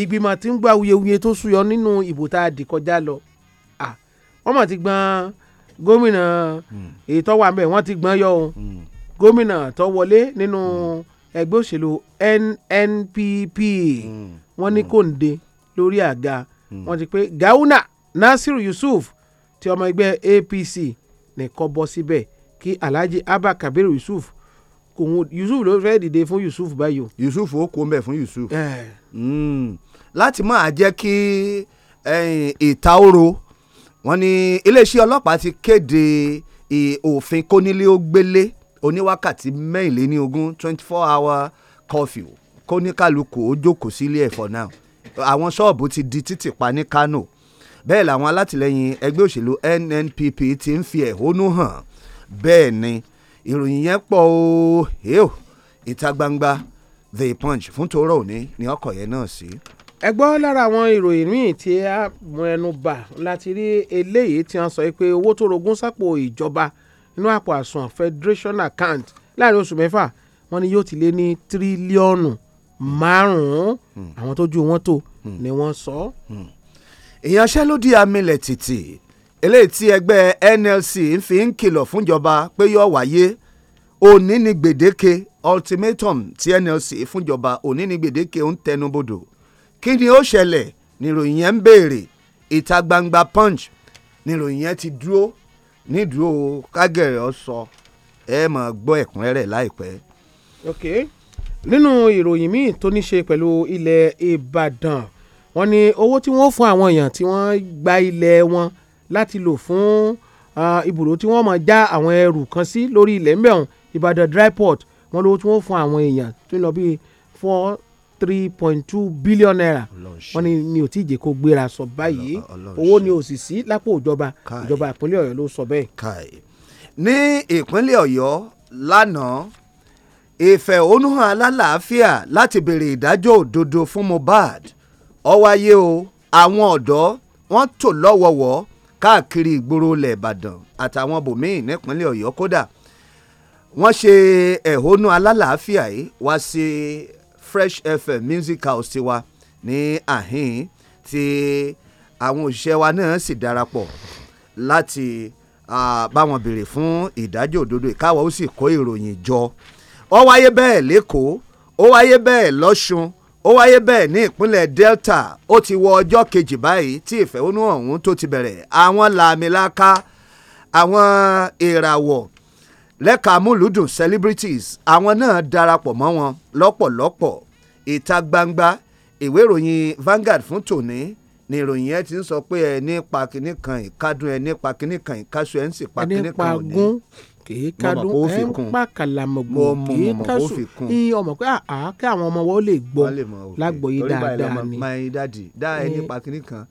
ìgbìmọ̀ tí ń gba awuyewuye tó súyọ nínú ìbò tá a dì kọjá lọ wọ́n mọ̀ ti gbọ́n gómìnà èyí wà ń bẹ̀ wọ́n ti gbọ́n yọ òun gómìnà tó wọlé nínú ẹgbẹ́ òṣèlú NNPP hmm. wọ́n ní kòǹde hmm. lórí àga hmm. wọ́n ti pé Gawuna Nasiru Yusuf ti ọmọ ẹgbẹ́ APC nìkan bọ́ síbẹ̀ kí Alhaji Abba Kabiru Yusuf kòun Yusuf ló fẹ́ dìde fún Yusuf báyìí o. Yusuf ó kó mbẹ fún Yusuf. Eh. Mm. láti máa jẹ́ kí ìta eh, oro wọ́n ní iléeṣẹ́ ọlọ́pàá ti kéde òfin kónílé ó gbélé oníwákàtí mẹ́rìnléníogún twenty four hour curfew kó ní kálukú ó jókòó sílé ẹ̀ for now àwọn ṣọ́ọ̀bù ti di títì pa ní Kano bẹ́ẹ̀ làwọn alátìlẹyìn ẹgbẹ́ òṣèlú NNPP ti ń fi ẹ̀hónú hàn bẹ́ẹ̀ ni ìròyìn yẹn pọ̀ o èèw ìta gbangba The Punch fún tòórọ́ òní ni ọkọ̀ yẹn náà sí. ẹ gbọ́ lára àwọn ìròyìn míì tí a mú ẹnu bà láti rí eléyìí tí wọ́n sọ pé owó tó rogún sápò ìjọba nínú àpò àsùnwọ̀n federation account láàrin oṣù mẹ́fà wọ́n ní yóò ti lé ní tírílíọ̀nù márùn-ún hmm. àwọn tójú wọn tó hmm. ni wọ́n sọ. ìyanṣẹ́lódì hmm. amílẹ̀ tìtì eléyìí tí ẹgbẹ́ NLC ń fi ń kìlọ̀ fúnjọba pé yóò wáyé òní ni gbèdéke ultimatum tí NLC fúnjọba òní ni gbèdéke ń tẹnubodò kí ni ó ṣẹlẹ̀ níròyìn yẹn ń béèrè ìta gbangba punch níròyìn yẹn ti dúró nídùúró kágẹ̀rẹ́ ọ sọ ẹ máa gbọ́ ẹ̀kúnrẹ́rẹ́ láìpẹ́. ok nínú ìròyìn míì tó ní ṣe pẹ̀lú ilẹ̀ Ìbàdàn wọ́n ní owó tí wọ́n fún àwọn èèyàn tí wọ́n gba ilẹ̀ wọn láti lò fún ibùdó tí wọ́n máa já àwọn ẹrù kan sí lórí ilẹ̀ ńbẹ̀ Ìbàdàn dry port wọ́n lówó tí wọ́n fún àwọn èèyàn tó lọ bíi four three point two billion naira wọ́n ní mi ò tí ì jẹ́ kó gbéra sọ báyìí owó ni ò sì sí lápò ìjọba ìjọba ìpínlẹ̀ ọ̀yọ́ ló sọ bẹ́ẹ̀. ní ìpínlẹ̀ ọ̀yọ́ lánàá ìfẹ̀hónúhàn alálàáfíà láti béèrè ìdájọ́ òdodo fún Mohbad ó o àwọn ọ̀dọ́ wọ́n tò lọ́wọ̀wọ́ káàkiri ìgboro ilẹ̀ Ìbàdàn àtàwọn bòmíì nípínlẹ̀ ọ̀yọ́ kódà wọ́n ṣe ẹ̀hónú alálàáfíà yìí wá sí fresh fm music house tiwa ní àhín tí àwọn òṣìṣẹ́ wa náà sì darapọ̀ láti bá wọn béèrè fún ìdájọ́ òdodo ìkáwọ́ ó sì kó ìròyìn jọ ó wáyé bẹ́ẹ̀ lẹ́kọ̀ọ́ ó wáyé bẹ́ẹ̀ lọ́ṣun ó wáyé bẹ́ẹ̀ ní ìpínlẹ̀ delta ó ti wọ ọjọ́ kejì báyìí tí ìfẹ̀hónú ọ̀hún tó ti bẹ̀rẹ̀ àwọn làmìlaka àwọn ìràwọ̀ lẹ́ka múlùdùn celebrities àwọn náà darapọ̀ mọ́ wọn lọ́pọ̀lọpọ̀ ìta gbangba ìwé ìròyìn Vanguard fún tòní ni ìròyìn yẹn ti ń sọ pé ẹ nípa kínní kan ìkádùn ẹ nípa kínní kan ìkásù ẹ ń sì pa kínní kan òní kìí kádùn ẹ ń pa kàlàmọ̀gbò kìí kásù ní ọmọ pé àá ah, ah, kí àwọn ọmọ wọn lè gbọ́ lágbọ́ yìí dáadáa ni. my daddy dá eh, ẹ nípa kínní kan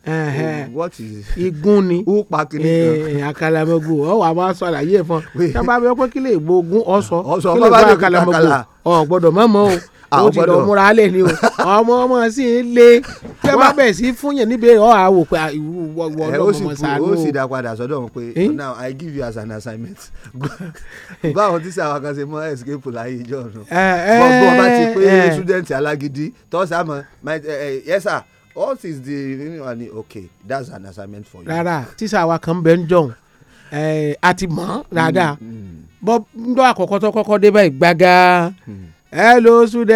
what is. igun ni ó pa kínní kan. àkàlàmọ̀gbò ọ wà máa sọ àlàyé ẹ fún ọ tábàbí ọpẹ kí lè gbógun ọsọ kí lè gbọ́ àkàlàmọ̀gbò ọ gbọ́dọ̀ mọ mọ o. Ah, ó ti lọ múra lẹ̀ ni o ọmọ ọmọ sì ń lé tí bá bẹ̀ sí fún yẹn níbi ọ̀ àwò pé ah, ìwọ eh, ọlọ́mọ sànú. ó sì dá padà sọ́dọ̀ wọn pé eh? now i give you as an assignment báwọn tí sàwọn kan ṣe mọ escape láyé ìjọ ọ̀nà eh, gbogbo ọba ti pé student alágídí tọ́sà mọ́ yes sir all is the remaining okay that's an assignment for you. rárá tíṣà wa kan bẹ́ẹ̀ ń jọ̀hún a ti mọ̀ ọ́ dáadáa bọ́ ń dọ́ àkọ́kọ́ tó kọ́kọ́ dé báyìí gbága. Hmm hello Sude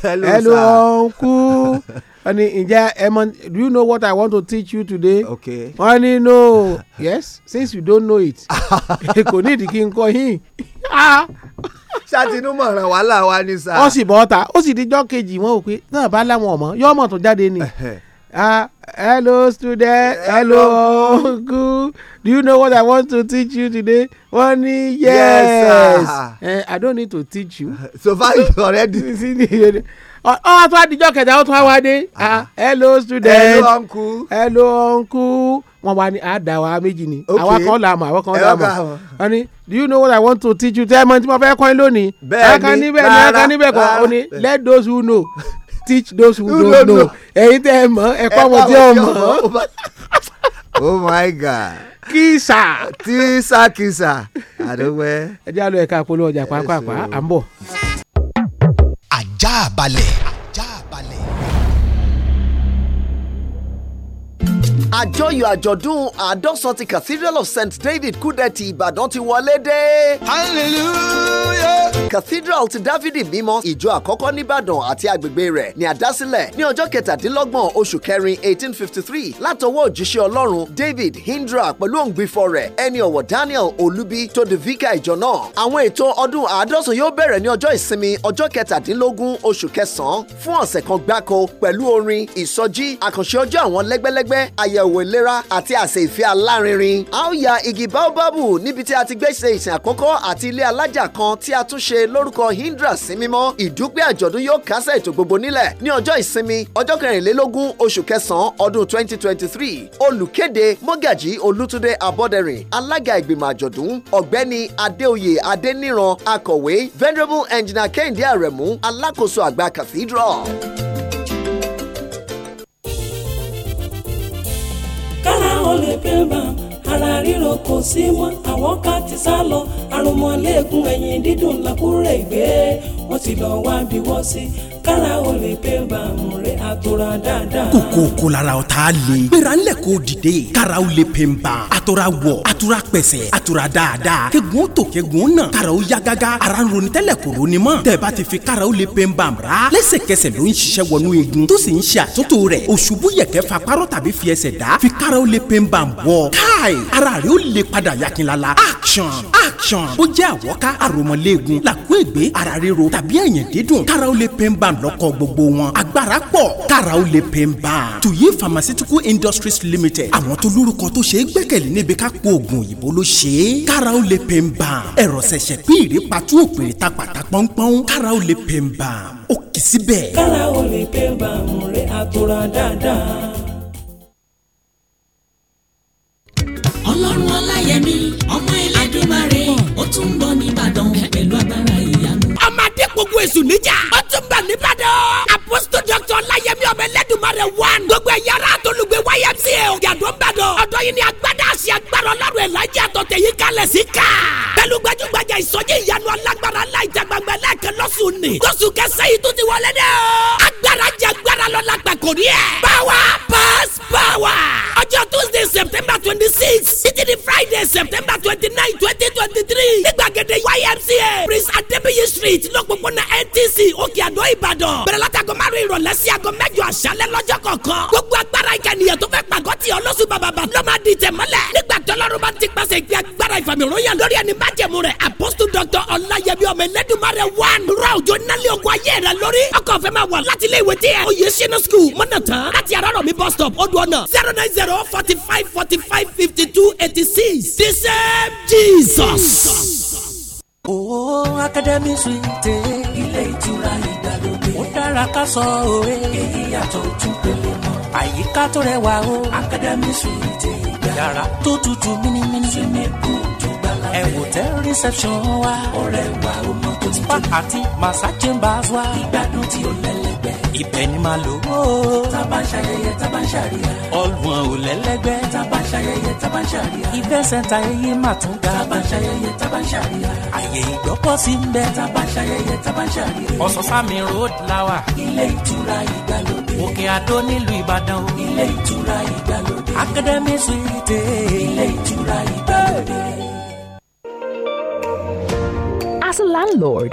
hello, hello uncle wọ́n ní ǹjẹ́ ẹ do you know what I want to teach you today? okay wọ́n ní no yes since you don't know it kò ní ìdí kí n kọ́ yín ṣàtinú mọ̀ràn wàhálà wa ni sá. ó sì bọ́ ta ó sì dijọ́ kejì wọn ò pé náà bá láwọn ọmọ yọ́mọ̀ tó jáde ni. Ah, hello, student. Hello, uncle. Do you know what I want to teach you today? One yes. yes uh, I don't need to teach you. so far you already. ọ tún adijọ́ kẹta ó tún wá wá Ah, hello student. hello uncle. hello uncle. wọ́n wá ní àdàwà ah, méjì ni. ok àwa kan là mọ̀ àwa kan là mọ̀. wọ́n ní do you know what I want to teach you? Tell me, mọ tí mo fẹ́ kọ́ ẹ lónìí. bẹ́ẹ̀ rárá bẹ́ẹ̀ ni. a kan níbẹ̀ let those who know. teach those who don't know ẹ̀yin tẹ́ ẹ mọ̀ ẹ kọ́ ọmọ tí ó mọ̀. oh my god. kísà. tísà kísà àdógbẹ́. ẹ jẹ́ àlọ́ ẹ̀ka polówó ọjà pàápàá à ń bọ̀. ajá balẹ̀. àjọyọ̀ àjọ̀dún àádọ́sán ti cathedral of st david kúdẹ̀tì ìbàdàn ti wọlé dé. hallelujah. cathedral ti dávidi mímọ́ ìjọ àkọ́kọ́ nìbàdàn àti agbègbè rẹ̀ ni àdásílẹ̀ ní ọjọ́ kẹtàdínlọ́gbọ̀n oṣù kẹrin eighteen fifty three látọwọ́ òjíṣẹ́ ọlọ́run david hindra pẹ̀lú òǹgbìfọ̀ rẹ̀ ẹni ọ̀wọ̀ daniel olubi tó di vika ìjọ náà. àwọn ètò ọdún àádọ́sán yóò bẹ̀rẹ̀ ní ọjọ́ ìsinmi ọjọ́ kẹtàdínlógún oṣù kẹsàn-án fún ọ̀sẹ̀ kan gbáko pẹ̀lú orin ìsọjí àkànṣe ọjọ́ àwọn lẹ́gbẹ́lẹ́gbẹ́ àyẹ àyẹ̀wò ìlera àti àsè ìfẹ́ alárinrin. a ó ya igi báóbábù níbi tí a ti gbé ṣe ìsìn àkọ́kọ́ àti ilé alájà kan tí a tún ṣe lórúkọ Hindra sí mímọ́. ìdúpẹ́ àjọ̀dún yóò kásẹ̀ ètò gbogbo nílẹ̀ ní ọjọ́ ìsinmi ọjọ́ kẹrìnlélógún oṣù kẹsàn-án ọdún 2023 olùkéde mọ́gàjí olútúndé abọ́dẹrìn alága ìgbìmọ̀ àjọ̀dún ọ̀gbẹ́ni adéoyè adéníran akọ̀wé venerable engineer kẹ́hìndé àrẹ̀mú alákòóso àgbà cathedral. fẹfẹba ara arịrọ ko si mọ awọ ka ti sa lọ arụmọ alaegun ẹyin dịdụ nlakwụrụ egbe wọ́n ti lọ wá bí wọ́n sí kára o lè pé bàmù rẹ̀ àtòrà dáadáa. kòkó kò lára ọ̀ tá gbéra ńlẹ̀ kó dìde kára o lè pè ń ban. àtòrà wọ̀ àtòrà pẹ̀sẹ̀ àtòrà dáadáa. kegun tó kegun náà kára o ya gágá ara ń ronú tẹ́lẹ̀ kò ronú mọ́. tẹ̀bá ti fi kára o lè pè ń ban ra. lẹ́sẹ̀kẹsẹ̀ ló ń ṣiṣẹ́ wọnú igun tó sì ń ṣe àtúntò rẹ̀. òṣùbù yẹ̀kẹ́ fa párọ̀ tàbí fi ẹsẹ̀ dá fi kára o lè pè ń ban bọ̀. káì ara rẹ̀ ó lè padà yakinlala. action action ó jẹ́ àwọ́ká àròmọ̀lẹ́gun làkúègbé ara ríro t tàbí ẹ̀yìn dídùn kára ó lè pain balm lọ́kọ̀ gbogbo wọn agbára pọ̀ kára ó lè pain tuyi pharmaceutical industries limited àwọn tó lórúkọ tó ṣe é gbẹ́kẹ̀lé níbi ká po oògùn òyìnbó ló ṣe é kára ó lè pain balm ẹ̀rọ ṣẹ̀ṣẹ̀ pín ìrèpàtú òpèrè tapàtà pọ́npọ́n kára ó lè pain balm ó kì í síbẹ̀. kára ó lè pain balm rẹ̀ àtòrà ọlọ́run ọláyẹmí ọmọ ẹlẹ́dùnmarè ó tún ń bọ̀ ní Ìbàdàn pẹ̀lú agbára ìyá gbogbo èṣù níjà ó tún bà níbàdàn. àpòst fáyẹmí ọbẹ̀ lẹ́dùnmarẹ̀ wán. gbogbo ẹ̀yà ara àtolùgbé YMCA ògàdó ńbàdàn. ọ̀dọ́ yìí ni agbada àṣẹ agbára ọlọ́run ẹ̀lájà tọ̀tẹ̀ yìí kalẹ̀ sí ká. pẹ̀lú gbajúgbajà ìsọjí ìyanu alágbára ńlá ìjàgbàgbà lẹ́ẹ̀kan lọ́sùn ni. tóṣù kẹsẹ́ yìí tó ti wọlé dẹ́ o. agbára jẹ agbára lọ lágbà kò rí ẹ̀. power pass power. ọjọ́ tuesday september twenty six títí di friday september twenty nine twenty twenty three ní gbàgede YMCA prince adebiyi street lọ́pọ̀pọ̀nà NTC òkè àdó ìbàdàn bẹ̀rẹ̀ látàgọ́ márùn-ún ìrọ̀lẹ́ sí àgọ́ aago mẹ́jọ àṣálẹ́ lọ́jọ́ kọ̀ọ̀kan gbogbo agbára ìkànnìyàn tó fẹ́ pàgọ́ tì ọ́ bàbàbà ló máa di tẹ̀ mọ́lẹ̀ nígbà tọ́lọ́run bá ti pàṣẹ ìgbé agbára ìfàmìròyìn lórí ẹni májẹ̀mú rẹ̀ apostu dr ọláyẹmí ọmọ ẹlẹ́dùnmarẹ̀ one rọ òjò nálẹ̀ ogun ayé rẹ̀ lórí ọkọ̀ fẹ́ máa wà láti ilé ìwé tí ẹ oyè sinu school mọ́nà tán láti àrọ́rọ̀ mi bus stop odò ọ̀nà zero nine zero forty five forty five fifty two eighty six the same jesus. Oh, Academy Suite. Ilé ìtura ìgbàlódé ó dára ká sọ òwe. èyí yàtọ̀ ojú pele mọ́. àyíká tó rẹwà o. akademi suwite ìgbà. yàrá tó tutù mímímí. sinimu tó gbala bẹ́ẹ̀. ẹ wò tẹ reception wa. ọ̀rẹ́ wa o mọ tó ti tó. spa àti massage chambers wa. ìgbádùn tí ó lẹ́lẹ́ lẹ́lẹ́gbẹ́ ibẹ̀ ni màá lò ó. tábà ń ṣayẹyẹ tábà ń ṣàríyá. ọlùwọ̀n ò lẹ́lẹ́gbẹ́. tábà ń ṣayẹyẹ tábà ń ṣàríyá. ibẹ̀ sẹ́ńtà ẹyẹ mà tún ga. tábà ń ṣayẹyẹ tábà ń ṣàríyá. àyè ìgbọ́pọ̀ sí ń bẹ. tábà ń ṣayẹyẹ tábà ń ṣàríyá. ọ̀sánsámi road lawa. ilé ìtura ìgbàlódé. òkè àdó nílùú ìbàdàn. ilé ìtura ìgbàlódé. academy As a landlord,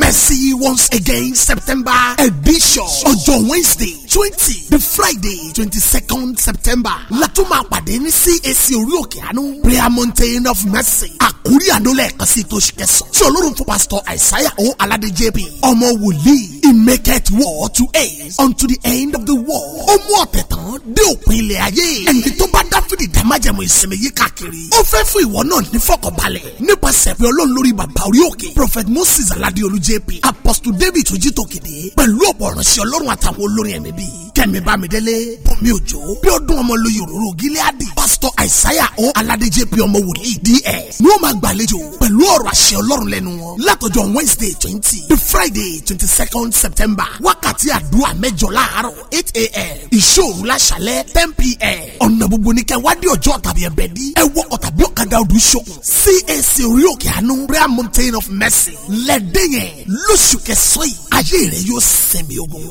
Mercy once again September edition ọjọ́ Wednesday twenty the Friday twenty second September látún máa pàdé ní CAC orí òkè àánú prayer mountain of mercy àkúrí àdó lẹ́ẹ̀kan sí tó ṣe kẹsàn-án tí Ọlọ́run fún pásítọ̀ Àìsáyà O Aládé ọmọ wòlíì he maketh war to end unto the end of the war. ó mú ọ̀tẹ̀ tán dé òpin ilẹ̀ ayé. ẹni tó bá dáfídì dá májẹ̀mú ìsinmi yìí káàkiri. ó fẹ́ fún ìwọ náà ní fọkànbalẹ̀ nípasẹ̀ pé ọlọ́run lórí bàbá orí òkè. prophet moses aládéolú jp apostle david ojú tòkìdí pẹ̀lú ọ̀pọ̀ ọ̀ránṣẹ́ ọlọ́run àtàwọn olórin ẹ̀mí bíi kẹ́mi bámidélé bùnmi òjò bí ọdún ọmọ lóye òróró gileadi pásítọ̀ àìsáyà ó aládé jp ọmọ wòlíì e ds ni ó máa gbàlejò pẹ̀lú ọ̀rọ̀ àṣẹ ọlọ́run lẹ́nu wọn látọjọ́ wednesday twenty to friday twenty second seventh september wákàtí àdúrà mẹ́jọ láàárọ̀ eight a.m. ìṣòro láṣálẹ́ ten p.m. ọ̀nà gbogbo ní kẹ́ wádìí ọjọ́ tàbí ẹ̀bẹ̀ dí ẹ wọ ọ̀tà bí ọ̀kadà ọdún ṣokùn cac orí òkè àánú prayer mountain of mercy lẹ́dẹ̀yẹn lóṣù kẹsàn-án yìí ayé rẹ yóò sẹ̀mí ogun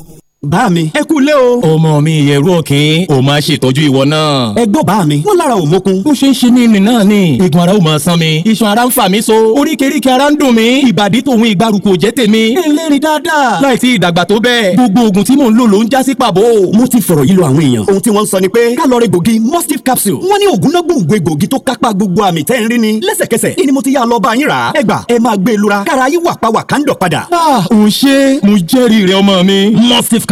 bá mi. ẹ kú lé o. ọmọ mi ìyẹ̀rú ọ̀kín ò máa ṣètọ́jú ìwọ náà. ẹ gbọ́ bá mi. wọ́n lára ò ó ṣe ń ṣe ní ìrìn náà ni. eegun ara ò máa san mi. iṣan ara ń fà mí so. oríkèéríkè ara ń dùn mí. ìbàdí tòun ìgbàrúkù ò jẹ́ tèmi. eléyìí dáadáa. láì sí ìdàgbà tó bẹ́ẹ̀. gbogbo oògùn tí mò ń lò ló ń já sí pàbó. mo ti fọ̀rọ̀ yí lọ àwọn èèyàn. ohun tí wọ́n sọ ni pé kálọ̀rì gbòógì mustif capsule. wọ́n ní oògùn náà gbòǹgbò egbògi tó ni. lẹ́sẹ̀kẹsẹ̀ ni mo ti yá lọ bá yín rà á. E lura. kára yín wà pa ah òun ṣe mo jẹ́rìí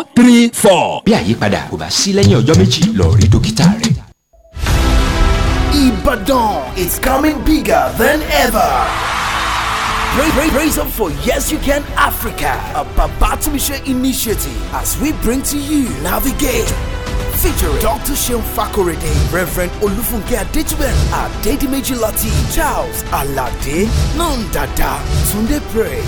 four three four. bí àyípadà kò bá sí lẹ́yìn ọjọ́ méjì lọ rí dókítà rẹ. Ibadan is coming bigger than ever. Praise, praise, up for Yes You Can Africa, a Babatumisha initiative as we bring to you Navigate featuring Dr. Shem Fakorede, Reverend Olufunke Adejuben, Adedimeji Lati, Charles Alade, Nandada, Tunde Pray,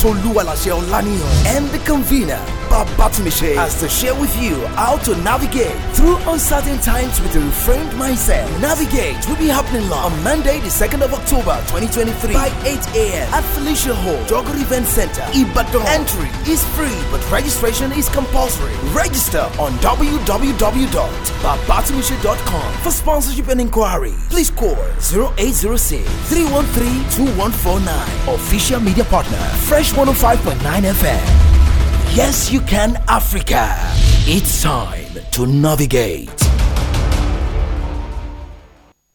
Toluwalase Olaniyan, and the convener, Babatumishe, has to share with you how to navigate through uncertain times with a reframed mindset. Navigate will be happening live on Monday, the 2nd of October 2023 by 8 a.m. at Felicia Hall, Dogger Event Center, Ibadan. Entry is free, but registration is compulsory. Register on www www.babatimiche.com for sponsorship and inquiry. Please call 0806 313 2149. Official media partner, Fresh 105.9 FM. Yes, you can, Africa. It's time to navigate.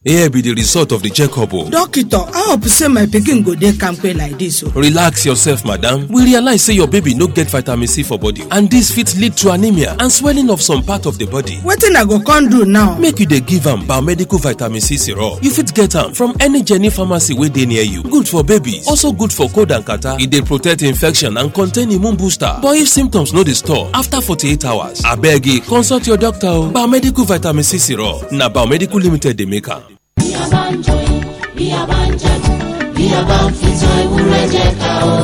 here be the result of the checkup o. Oh. doctor i hope say my pikin go dey kampe like this o. Oh. relax yourself madam we realize say your baby no get vitamin c for body and this fit lead to anemia and swelling of some part of the body. wetin i go come do now. make you dey give am biomedical vitamin c syrup you fit get am from any jenny pharmacy wey dey near you good for babies also good for cold and catarrh e dey protect infection and contain immune booster but if symptoms no dey stop after forty-eight hours abeg eh, consult your doctor o oh. biomedical vitamin c syrup na biomedical limited dey make am bí a bá ń jọyìn bí a bá ń jàjù bí a bá ń fìtàn ewúrẹ́ jẹ ká o.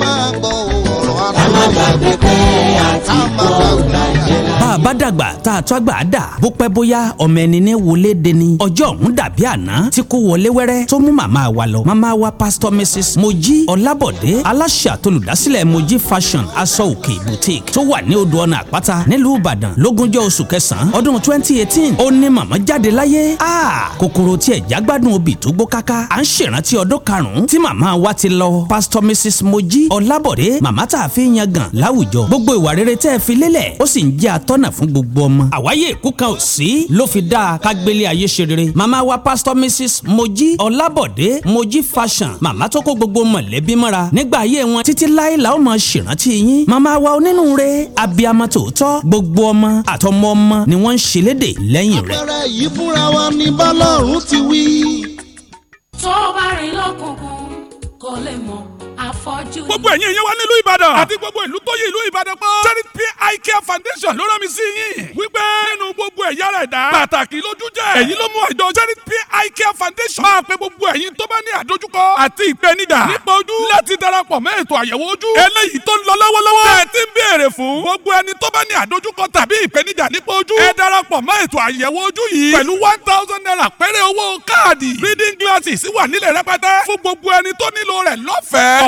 máa gbọ́ ọ̀rọ̀ àtàwọn. ká má àti kọ́ ọ̀gbà ìjẹ́lá bá dàgbà tá a tó àgbà dà bó pẹ́ bóyá ọmọ ẹni ní wọlé deni ọjọ́ ọ̀hún dàbí àná tí kò wọlé wẹ́rẹ́ tó mú màmá wa lọ màmá wa pastor mrs mojí ọlábọ̀dé aláṣẹ àtolùdásílẹ̀ moji fashion aṣọ òkè boutique tó wà ní odò ọ̀nà àpáta nílùú ìbàdàn lógúnjọ́ oṣù kẹsàn-án ọdún twenty eighteen ó ní màmá jáde láyé a kòkòrò tí ẹ̀já gbádùn obì tó gbó káká à ń ṣèrántí ọdún karùn-ún tí màmá wa ti lọ pastor mrs moji ọlábọ̀dé màmá tá a fi yan gàn láwùjọ gbogbo ìwà rere tẹ́ ẹ fi lélẹ̀ ó sì ń jẹ́ atọ́nà lọ́nà fún gbogbo ọmọ. àwáyé èkó kan ò sí ló fi dáa ká gbélé ayé ṣe rere. màmá wa pastor mrs mojí ọlábọ̀dé mojí fashion màmá tó kó gbogbo mọ̀lẹ́bí mọ́ra nígbà ayé wọn títí láé la ó máa ṣèrántí yín. màmá wa onínúure abiyamọ tòótọ́ gbogbo ọmọ àtọmọ ọmọ ni wọ́n ń ṣe léde lẹ́yìn rẹ̀. àpẹẹrẹ yìí fúnra wa ní bọ́lọ́run ti wí. tó bá rìn lọ́kùnkùn kò lè mọ̀ àfọ́jú ni. gbogbo ẹ̀yin ìyẹn wá nílùú ìbàdàn àti gbogbo ìlú tó yí ìlú ìbàdàn pọ̀. charity pi care foundation ló rán mi sí yín. wípé nínú gbogbo ẹ̀yà ara ẹ̀dá pàtàkì lójú jẹ́. èyí ló mú àjọ charity pi care foundation. máa pe gbogbo ẹ̀yin tó bá ní àdójúkọ àti ìpènijà nípa ojú láti darapọ̀ mẹ́ ètò àyẹ̀wò ojú. eléyìí tó ń lọ lọ́wọ́lọ́wọ́. ẹ ti ń béèrè fún. gbogbo ẹni tó bá ní àdójúkọ tàbí ìpènijà nípa ojú. ẹ darapọ̀ mọ́ ètò àyẹ̀wò ojú yìí. pẹ̀lú one thousand naira péré owó káàdì. reading glasses wà nílẹ̀ rẹpẹtẹ. fún gbogbo ẹni tó nílò rẹ̀ lọ́fẹ̀ẹ́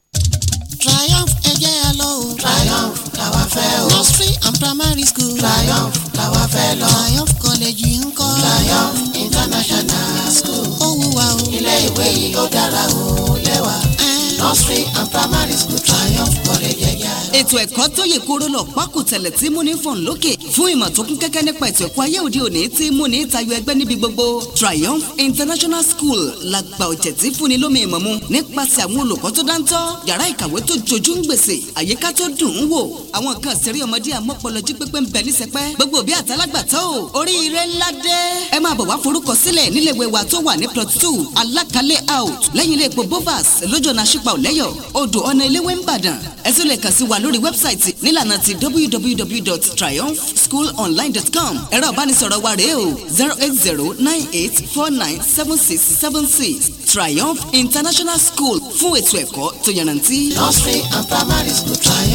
Triumph ẹgbẹ́ àlọ́ o. Triumph làwa fẹ́ o. Nursery and primary school. Triumph làwa fẹ́ lọ. Triumph college yìí ń kọ́. Triumph international school. Ó wúwa o. Ilé ìwé yìí ó dára o lẹ́wà. Nursery and primary school Triumph college ètò ẹ̀kọ́ tó yè kóró lọ pákùtẹ̀lẹ̀ tí múni fọ̀n lókè fún ìmọ̀ tó kún kẹ́kẹ́ nípa ètò ẹ̀kọ́ ayé òde òní tí múni tayọ ẹgbẹ́ níbi gbogbo Triumph International School la gba ọ̀jẹ̀ tí fúnni lómi ìmọ̀ mu nípasẹ̀ àwọn olùkọ́ tó dáńtọ́ yàrá ìkàwé tó jojú ń gbèsè àyíká tó dùn ún wò àwọn nǹkan ṣeré ọmọdé àmọ́pọ̀lọ́jí pépé ń bẹ ní sẹpẹ́ gbogbo òbí àtàlágbàtà o wa tó wà ní out lẹ́yìn ilé epo bovas lójó náà ṣípa ọ̀lẹ́yọ̀ odò ọ̀nà eléwé ń ti wà lórí wẹ́bsáìtì nílànà ti www.triumphschoolonline.com ẹ̀rọ ìbánisọ̀rọ̀ wa rèé o zero eight zero nine eight four nine seven six seven six Triumph International School fún ètò ẹ̀kọ́ tó yẹrantí. nursery and primary school Triumph.